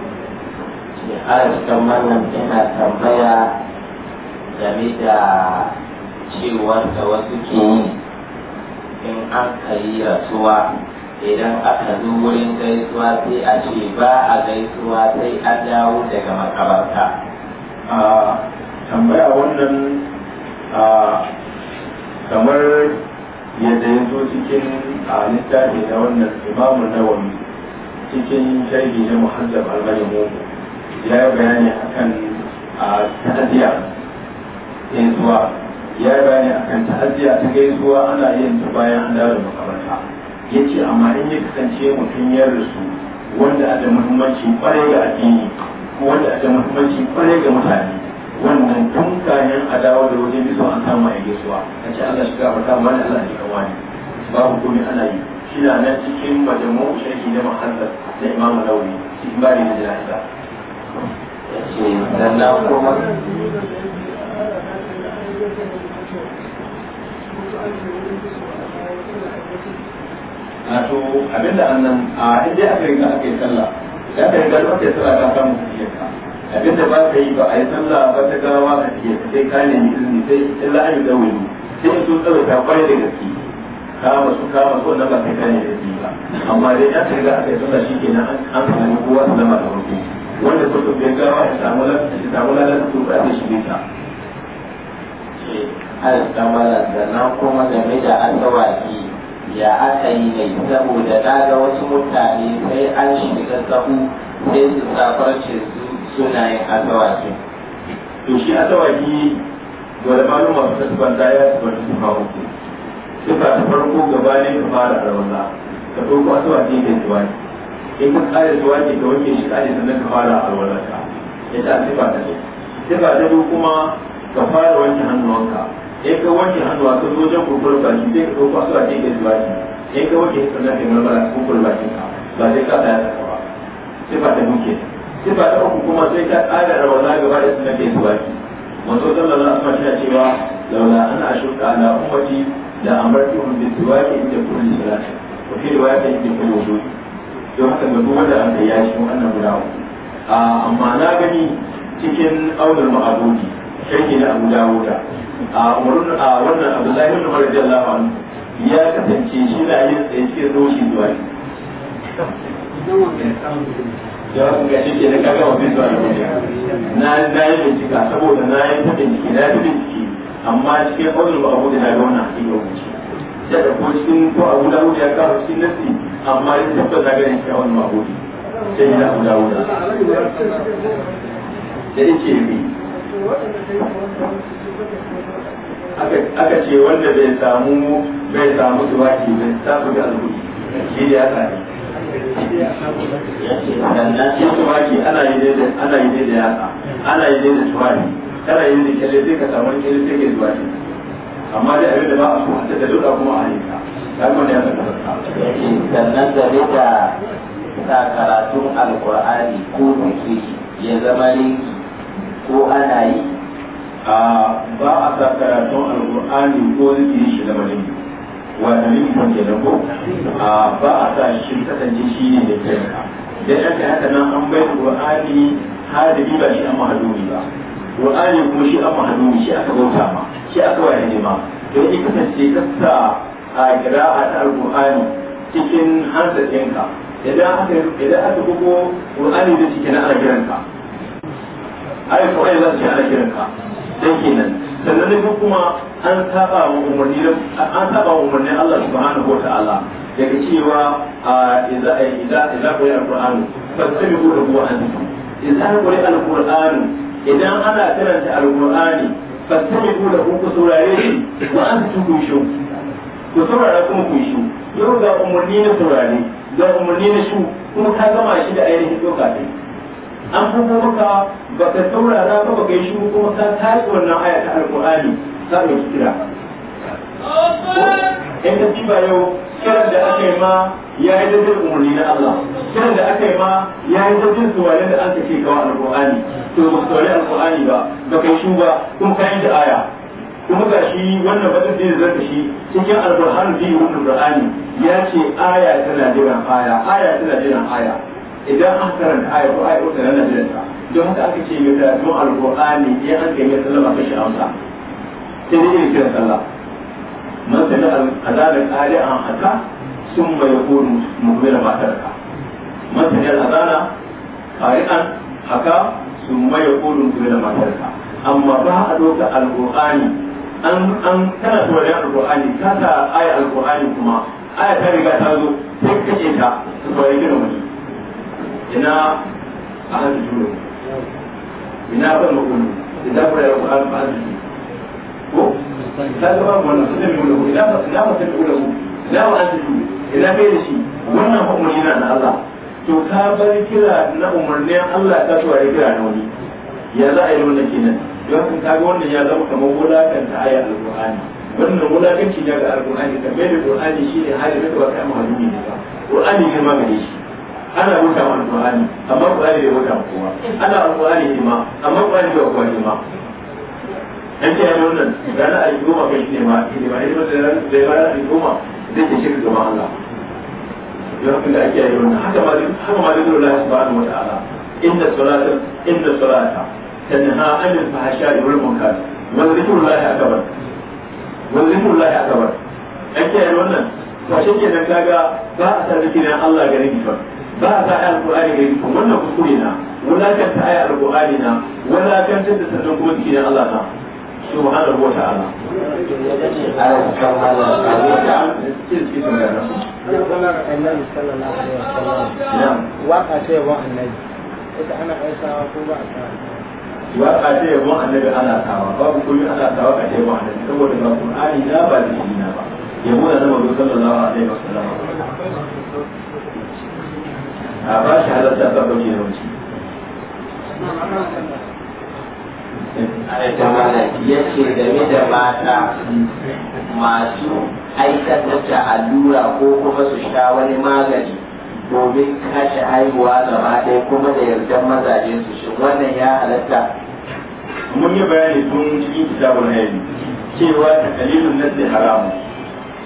S1: mai arzikin wannan yana tambaya game da cewar da wasu ke yi in an kayi rasuwa idan aka zo wurin gaisuwa sai a ce ba a gaisuwa sai a dawo daga makabarta a tambaya wannan kamar yadda ya zo cikin a littafi da wannan imamu nawawi cikin sharhi na muhammad al-mayyumu ya yi bayani akan ta'aziyya ya yi bayani ta'aziyya ta gaisuwa ana yin ta bayan an dawo da makabarta ya ce amma in ya kasance mutum ya rasu wanda a da muhimmanci kwarai ga addini ko wanda a da muhimmanci kwarai ga mutane wannan tun kayan a dawo da wajen bisa an samu a gaisuwa a ce Allah shiga fata wani Allah ne kawai ne babu komai ana yi shi na nan cikin majamu shaki na mahallar da imamu lauri cikin bari da dan na koma a to abinda annan a inda aka riga aka yi sallah ya ta riga wata sallah ta samu kuɗiyarka abinda ba ta yi ba a yi sallah ba ta gawa a cikin sai ka ne yi izini sai illa an yi dawuni sai su tsaro ta kwarai da gaske kama su kama su wannan ba sai ka ne da ba amma dai ya ta riga aka yi sallah shi kenan an samu kowa sallama da mutum wanda kuka gaggawa ya samu lafiya samu lalata to ba shi bisa eh, da na kuma game da asawaki ya aka yi ne saboda na ga wasu mutane sai an shiga sahu sai su safarce su suna yin asawaki to shi asawaki dole malu masu daya ya tasbanta su kawo su suka farko gabanin fara da wannan da farko asawaki da tuwaki in ka kare jawabi ka wanke shi kare sannan ka fara alwalarka ita sifa ta ce sifa ta biyu kuma ka fara wanke hannuwanka in ka wanke hannuwa ka zo jan kurkur baki sai ka ɗauko su a zuwa baki in ka wanke sannan ka murmura kurkur bakin ka ba sai ka tsaya ta kawa sifa ta biyu ke sifa ta uku kuma sai ka kare alwala gaba da sannan ka yi baki manzo sallallahu alaihi wasallam yana cewa laula ana ashqa ala ummati da amartuhum bi siwaki inda kulli salati wa fi riwayatin inda kulli wudu'i don haka da duwanda an da ya cikin wannan guda a amma na gani cikin aunar ma'adodi shirki na abu dawuda a umarun a wannan abdullahi ibn umar radiyallahu anhu ya kasance shi na yin tsaye cikin roshi zuwa ya ga shi ke na kaga wani zuwa na na yi bincika saboda na yi ta bincike na yi bincike amma cikin aunar ma'adodi na yi wannan hakika wuce da ko cikin ko abu dawuda ya kawo cikin nasi amma ya ce zagayen shi wani mahudi sai yana abu da yake bi aka ce wanda bai samu bai samu tuwaki bai samu da alhudi shi da ya sami shi tuwaki ana yi daidai da yasa ana yi daidai da tuwaki kana yi da kyalle sai ka samu kyalle sai ka yi tuwaki amma dai abin da ba a so a da duk kuma a yi sannan game da sa karatun alkur'ani ko zikiri ya zama rinki ko ana yi a ba a sa karatun alkur'ani ko zikiri shi zama rinki wanda rinki kan ke ko a ba a sa shi kasance shi ne da ke dan haka haka nan an bai qur'ani hadabi ba shi an mahadumi ba qur'ani kuma shi an mahadumi shi aka bauta ma shi aka wayar jama'a to in kasance kasa a kira'a ta alƙur'ani cikin hansasinka idan aka idan aka bugo ƙur'ani da cikin ana kiranka ai ƙur'ani za su ana kiranka dan kenan sannan ne kuma an saba wa umarni an saba wa umarnin Allah subhanahu wa ta'ala daga cewa idza idza idza quri alqur'anu fastabiqu lahu wa antum ku quri alqur'anu idan ana karanta alqur'ani fastabiqu lahu ku saurare shi wa antum tushun ku saurara kuma ku shu yau ga umarni na saurare ga umarni na shu kuma ka gama shi da ainihin doka ne an bugo maka baka saurara ba baka yi shu kuma ka tashi wannan aya ta alqur'ani ka ɗauki kira in ka ci ba yau kiran da aka yi ma ya yi da umarni na Allah kiran da aka yi ma ya yi da jin da an ce kawo alqur'ani to ba saurari alqur'ani ba ka yi shu ba kuma ka yi da aya kuma ga shi wannan batun da zai da shi cikin alburhan bi wannan qur'ani ya ce aya tana jiran aya aya tana jiran aya idan an karanta aya ko aya ko tana jiran ta don haka aka ce mai karatun alqur'ani ya an kai mai sallama kashi amsa sai dai irin kiran sallah man sami azabar ali an haka sun bai kuru mu'mina ba tarka man sami azana qari'an haka sun bai kuru mu'mina ba tarka amma ba a doka alqur'ani an an kana tuwa da alqur'ani ka sa aya alqur'ani kuma aya ta riga ta zo sai kace ta su ba yake da mutum ina a hadu juro ina ban mutum da da fara alqur'ani ba su ko ta ga ban wannan sun da mu ina ba ina ba ta da mu ina ba an juro ina bai da shi wannan hukunci na Allah to ka bar kira na umarnin Allah ka tuwa kira na wani Yanzu a yi wannan kenan don ka ga wannan ya zama kamar wulakanta ayar alqur'ani wannan wulakanci ne ga alqur'ani kamar da qur'ani shine hali da ba kama hadisi ne ba Al'kur'ani ne ma gare shi ana rubuta wa Al'kur'ani, amma qur'ani bai rubuta kowa ana alqur'ani ne ma amma Al'kur'ani bai kowa ne ma an ce yana wannan ranar a goma kai ne ma ne ma ne ma da ranar a goma zai ke shirin gama Allah don haka da ake yi wannan haka ma ma da inda salata inda salata تنهى عن الفحشاء والمنكر وذكر الله أكبر وذكر الله أكبر ake yin wannan to shi ke nan kaga ba a san zikirin Allah gare ni ba ba a san alqur'ani gare wannan kuskure na wulakan ta ayat alqur'ani na wulakan ta sannan kuma zikirin Allah na subhanahu ta'ala ce wa ana ko ba a ba a ce yabon annabi ana tawa babu komai ana tawa a ce yabon annabi saboda ba qur'ani na ba da shi na ba yabo da na mazo sallallahu alaihi wasallam a ba shi halatta ta dauke da wuce da malaki ya ce game da mata masu aikata da allura ko kuma su sha wani magani domin kashe haihuwa gaba ɗaya kuma da yardar mazaje su shi wannan ya halatta mun yi bayani tun cikin kitabun hayani cewa ta kalilun nasi haramu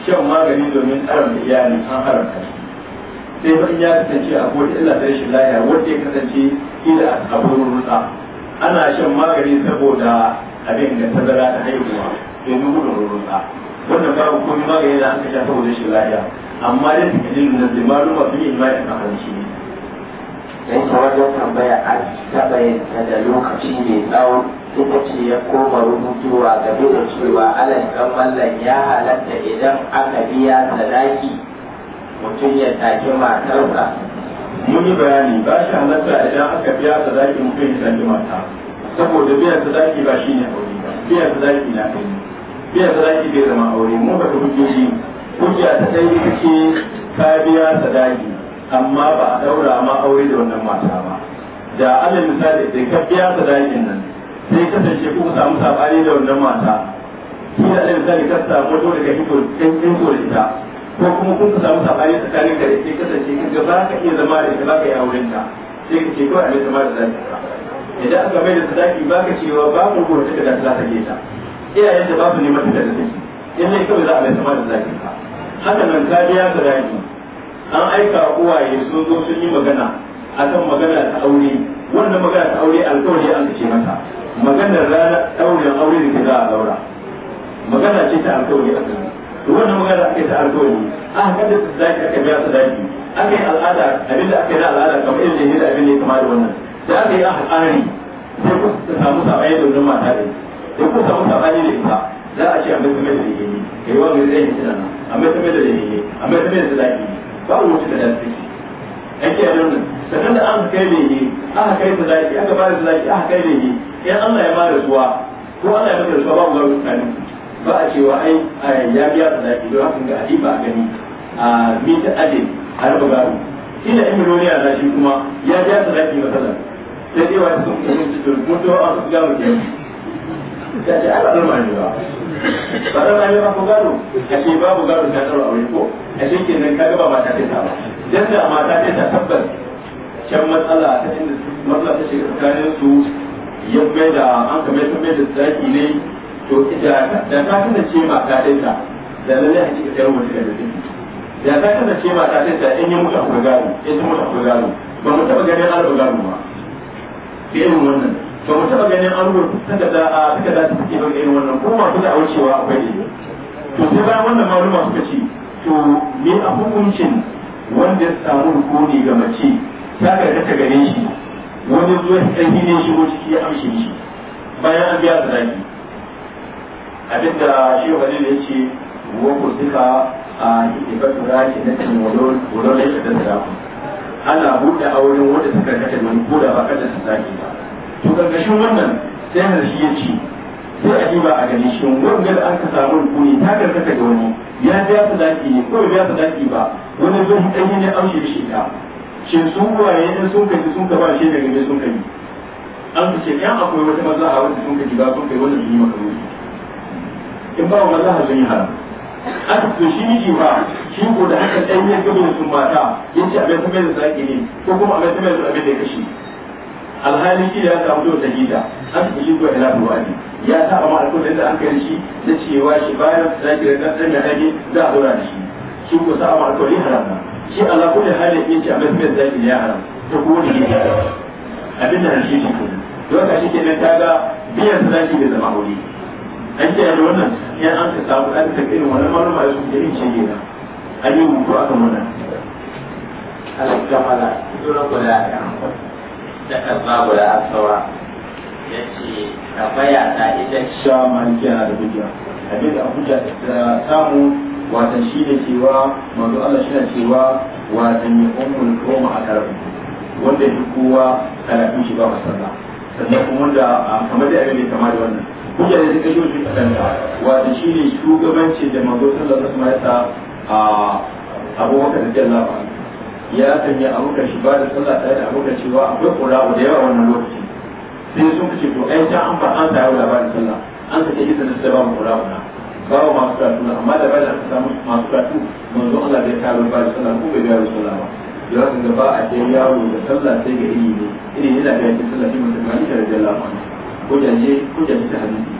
S1: shan magani domin haramta iyali an haramta sai ba ya kasance a kowace illa da rashin lafiya wanda ya kasance ila a rutsa ana shan magani saboda abin da tazara ta haihuwa domin gudun rutsa wannan babu komai magani da aka sha saboda rashin lafiya amma dai ta kalilun nasi maluma sun yi jima'i a ne yanke wajen tambaya a taɓa yanta da lokaci mai tsawo ita ce ya koma rubutuwa game da cewa alal kammalan ya halatta idan aka biya sadaki mutum ya taki matarsa. mun yi bayani ba shi halatta idan aka biya sadaki mutum ya taki mata saboda biyan sadaki ba shi ne aure ba biyan sadaki na kai biyan sadaki bai zama aure mun ba ta hujjoji hujja ta sai ita ce ka biya sadaki amma ba a daura ma aure da wannan mata ba da alal misali idan ka biya dakin nan sai kasance ku samu sabani da wannan mata shi da alal misali ka samu wato daga hito ɗin ɗin ko ita ko kuma kun samu sabani tsakanin ka da ke kasance ka ba ka iya zama da ita ba ka yi auren ta sai ka ce kawai a mai zama da zaki idan aka mai da zaki ba ka cewa ba mu ko ta da za ka ke ta iyayen da ba su neman ta da take in ne kawai za a mai zama da zaki haka nan ka biya dakin an aika uwaye sun zo sun yi magana akan magana ta aure wannan magana ta aure alƙawari an ce mata maganar rana ɗaurin aure da ke za a daura magana ce ta alƙawari a kan to wannan magana ake ta alƙawari aka da su zaki aka biya su zaki aka yi al'ada abin da aka yi na al'ada kamar irin jahil abin da ya kama da wannan da aka yi a tsari sai ku samu saɓani da wani mata ne sai ku samu saɓani da ita za a ce a mai da yake ne kai wa mai zai yi tunana a mai da yake a mai da ne. ba mu mutu da lafiya ake nan sannan da an kai lege aka kai ta zaki aka bada ta zaki aka kai lege in Allah ya bada suwa ko Allah ya bada suwa ba mu gano tsakanin ba a cewa ai ya biya ta zaki don haka ga adiba a gani a mita adin a raba gano shi da imiloniya na shi kuma ya biya ta zaki matsalar sai dai wa sun kuma ta da mutuwa a su gano kenan ta ce ala zama ne ba ba zama ba gado a ce babu gado ta tsaro aure ko a ce kaga ba mata ta ta ba da mata ta ta tabbas can matsala ta inda shiga su ya bai da an kamar ta bai da tsaki ne to da ta kasance mata ta ta da lalle a cikin tsayar wani da da ta kasance mata ta ta in yi muka a kogaro in yi mutu a ba mu to mu taba ganin an rubuta kusan da da suka dace suke ban irin wannan ko su da wucewa akwai ne to sai bayan wannan maluma suka ce to me a hukuncin wanda ya samu rukuni ga mace ta karkata ta gare shi wani zuwa ɗan ne shigo ciki ya amshe shi bayan an biya zaki da shi wa ne ya ce wa ku suka a hikifatu raki na kan wadon da ya da ana buɗe auren wanda suka karkata wani ko da ba kada su zaki ba to gargashin wannan sai har shi ya ce sai a diba a gani shi wanda da an ka samu rukuni ta karkata ga wani ya ji ya sadaki ne ko ya su daki ba wani zai ɗanyi ne an shi ka shin sun waye ne sun kai sun ka ba shi daga ne sun kai an su ce yan akwai wata maza a wanda sun ji ba sun kai wannan sun yi makaroni in ba wa maza sun yi haram an to shi ne ba shi ko da haka ɗanyen gaba da sun mata yace abin ta mai da zaki ne ko kuma abin ta mai da abin da ya kashe alhali ki ya samu yau tahida an tafi shi zuwa wa ruwani ya sa amma alƙawarin da an kai shi na cewa shi bayan zaki da ɗan mai hali za a dora da shi su ko sa amma alƙawarin haram na shi ala kulli halin in ci a mai zaki ya haram ta ya haram abin da na shi ko don ka shi ke nan ta ga biyan zaki da zama wuri an ce da wannan ya an ka samu an ka irin wannan malama da su ke yin shi ne an yi rubutu akan wannan. Allah ya kamala, ito na kwalaya. da kazzabul asawa yace tambaya ta ita sha maliki yana da hujja abin da hujja ta samu wata shi da cewa manzo Allah shi da cewa wata mai ummul koma a karfi wanda shi kowa karatu shi ba masalla sannan kuma da kamar da abin da kama da wannan hujja da suka yi shi kanta wata shi ne shugabanci da manzo sallallahu alaihi wasallam ya sa a abubakar radiyallahu anhu ya kan yi abokan shi ba da sallah tare da abokan cewa akwai ƙura'a da yawa wannan lokaci sai sun ce ko ai ta an ba an sayo labarin sallah an sake izinin da ba mu kura na ba wa masu karatu amma da ba da samu masu karatu manzo Allah bai kawo ba da sallah ko bai bayar sallah ba ya kan ba a ce yawo da sallah sai ga iri ne iri yana da yake sallah shi mutum ba da radiyallahu anhu ko janje ko janje ta hadisi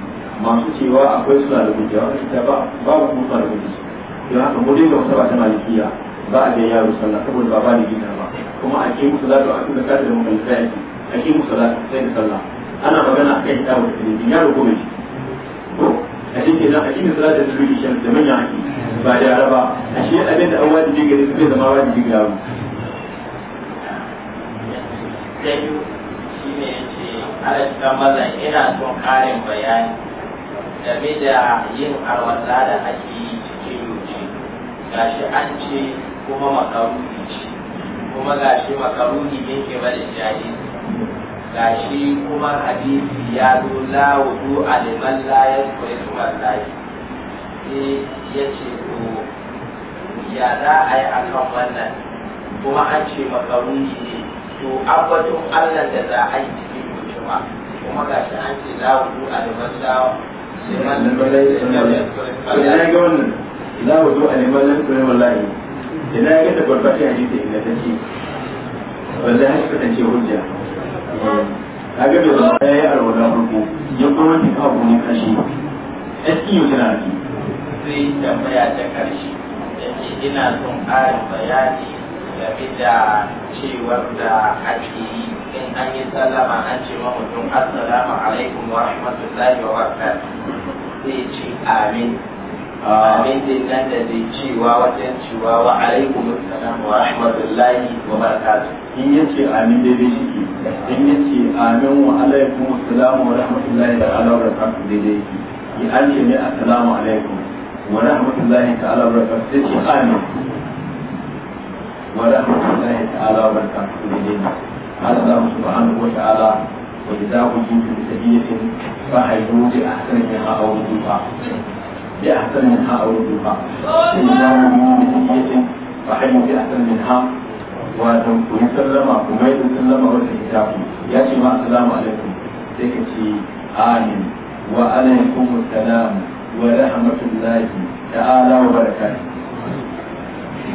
S1: masu cewa akwai suna da bujjawa wanda ba babu kuma suna da hujja ya haka mu dinga wasa ta malikiya ba a da sallah saboda ba ba ba kuma a ke musu zata a tunda da mun kai a ke musu zata sallah ana magana akan hita wa tilin yaro ko mai a cikin nan a cikin sallah da sulubi shan da manyan ba da a shi abin da an wajibi su da shi ne ya ce alaska maza ina son game da yin alwala da ake cikin yuji gashi an ce kuma makaruni ce kuma ga shi makaruni ne ke bada shahi ga shi kuma hadisi ya zo la wudu aliman la ya koyi kuma layi sai ya ce to ya za a yi akan wannan kuma an ce makaruni ne to abbatun allah da za a yi cikin mutuwa kuma ga shi an ce la wudu aliman la liman da ya koyi kuma layi ina ya da gwarbatin hadisi inda ta ce wanda ya kasance hujja a ga da zama ya yi alwala farko ya kuma ta kawo ne kashi eski yau tana ki sai tambaya ta karshe da ke ina son ƙarin bayani game da cewar da ake yi in an yi sallama an ce wa mutum assalamu alaikum wa rahmatullahi wa barakatuh sai ce amin mintin nan da zai cewa wajen cewa wa alaikum assalam wa rahmatullahi wa barakatuh in yace amin daidai shi in yace amin wa alaikum assalam wa rahmatullahi da ala barakatuh daidai shi in an ce ne assalamu alaikum wa rahmatullahi ta'ala wa barakatuh sai ce amin wa rahmatullahi ta'ala wa barakatuh daidai Allah subhanahu wa ta'ala wa fa bi ahsani ma بأحسن منها أو إن ردها إنما بنية فحلوا بأحسن منها وتنكم سلم وميد سلم ورد كتابه يا جماعة السلام عليكم تكتي آمين وعليكم السلام ورحمة الله تعالى وبركاته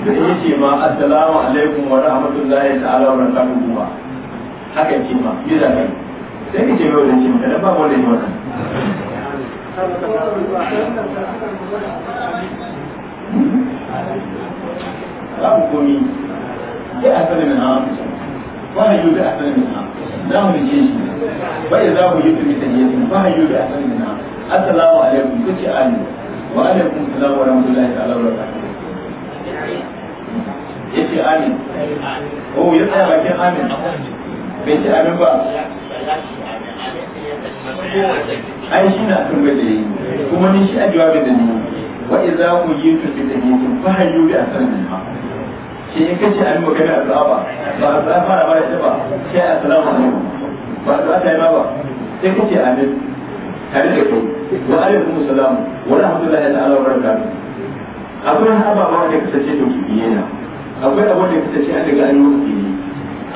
S1: da ce ma assalamu alaikum wa rahmatullahi ta'ala wa barakatuhu ba haka ce ma yi zafi. sai ka ce mai wajen ce ma, dan ba mu da yi wannan babu komi sai a sanar min hawa wahayu da a sanar min hawa za mu rike shi bai za mu yi tumi da yesu wahayu da a sanar min hawa assalamu alaikum kuke alu wa alaikum salam wa rahmatullahi ta'ala wa barakatuh yace amin oh ya tsaya bakin amin bai ce amin ba ai shi na kan gada yi kuma ni shi a jawabin da ni wa idza quyitu bi tahiyatin fa hayyu bi asan ha shi in kace an magana azaba ba azaba fara ba ita ba sai assalamu alaikum ba za ta yi ba sai kace amin kare da kai wa alaikum salam wa rahmatullahi ta'ala wa barakatuh akwai haba ba da kasance ki yana akwai abin da kace an daga an yi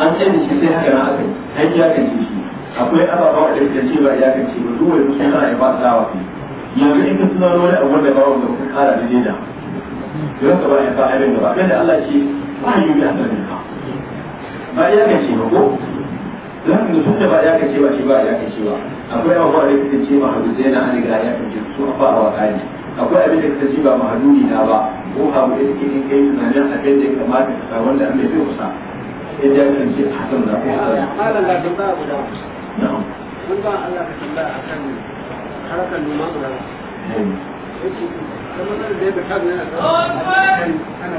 S1: an tsaye shi sai haka na aka yi an ya kan shi akwai ababen da yake ce ba ya ce ba duk wani kana yi ba salawa yanzu in ka suna wani abu da ba wanda kuka kara da dida don ka ba ya ba abin da ba abin da Allah ce ba yi yi hasar ka ba ya kace ba ko don haka sun da ba ya ce ba shi ba ya ce ba akwai ababen da yake ce ma zai na an ga ya ce su a ba wa kani akwai abin da ce ba ma na ba ko ha da yake in kai tunanin kai da ya kamata ka wanda an bai bai kusa in ya a hasan da ko hasan
S2: Mun ba Allah
S1: noma ba. da Ana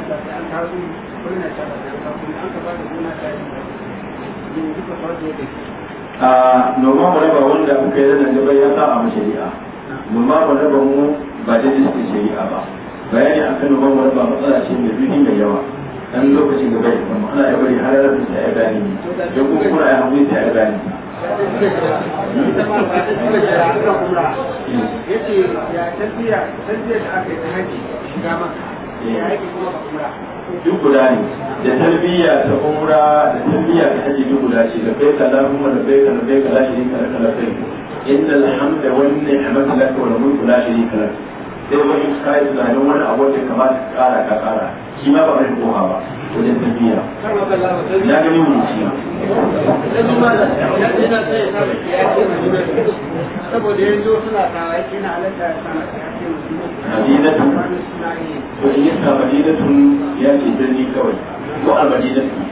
S1: an kuma na an an ta yi. mu raba wanda aka yi zanen gaba ya sa a mu Noma mu raba mu ba daidai suke shari'a ba. Bayani akan noma mu raba matsala shi ne zuri mai yawa. dan lokacin gaba bai kuma ana ya bari har da ya gani don kuma kuna ya hamu ta ya gani duk guda ne da tarbiyya ta umra da tarbiyya ta haji duk guda ce da bai kala kuma da bai kala bai shi ne kala kala kai alhamda laka mulku la shi ne kala sai wani iska ya tunanin wani abu da kamata ka kara ka kara shi ma ba mai koha ba wajen tafiya ya gani mun ci saboda yanzu
S2: suna ta yake na halatta ya sana Madinatun, to in yi ta
S1: Madinatun ya ce ni kawai, ko al-Madinatun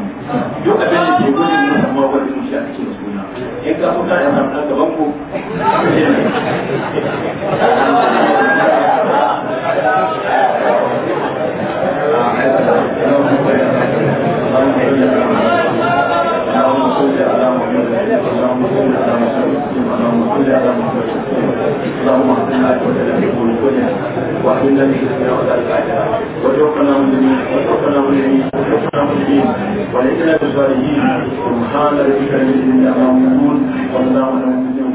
S1: duk a dalilin ke gudun nuna amma wani mushi a cikin suna in ka fuka da hamsa gaban ku اللهم اهدنا المصلحين ولإسلام الفارجين سبحان ربك رب العزة عما يصفون وسلام على المرسلين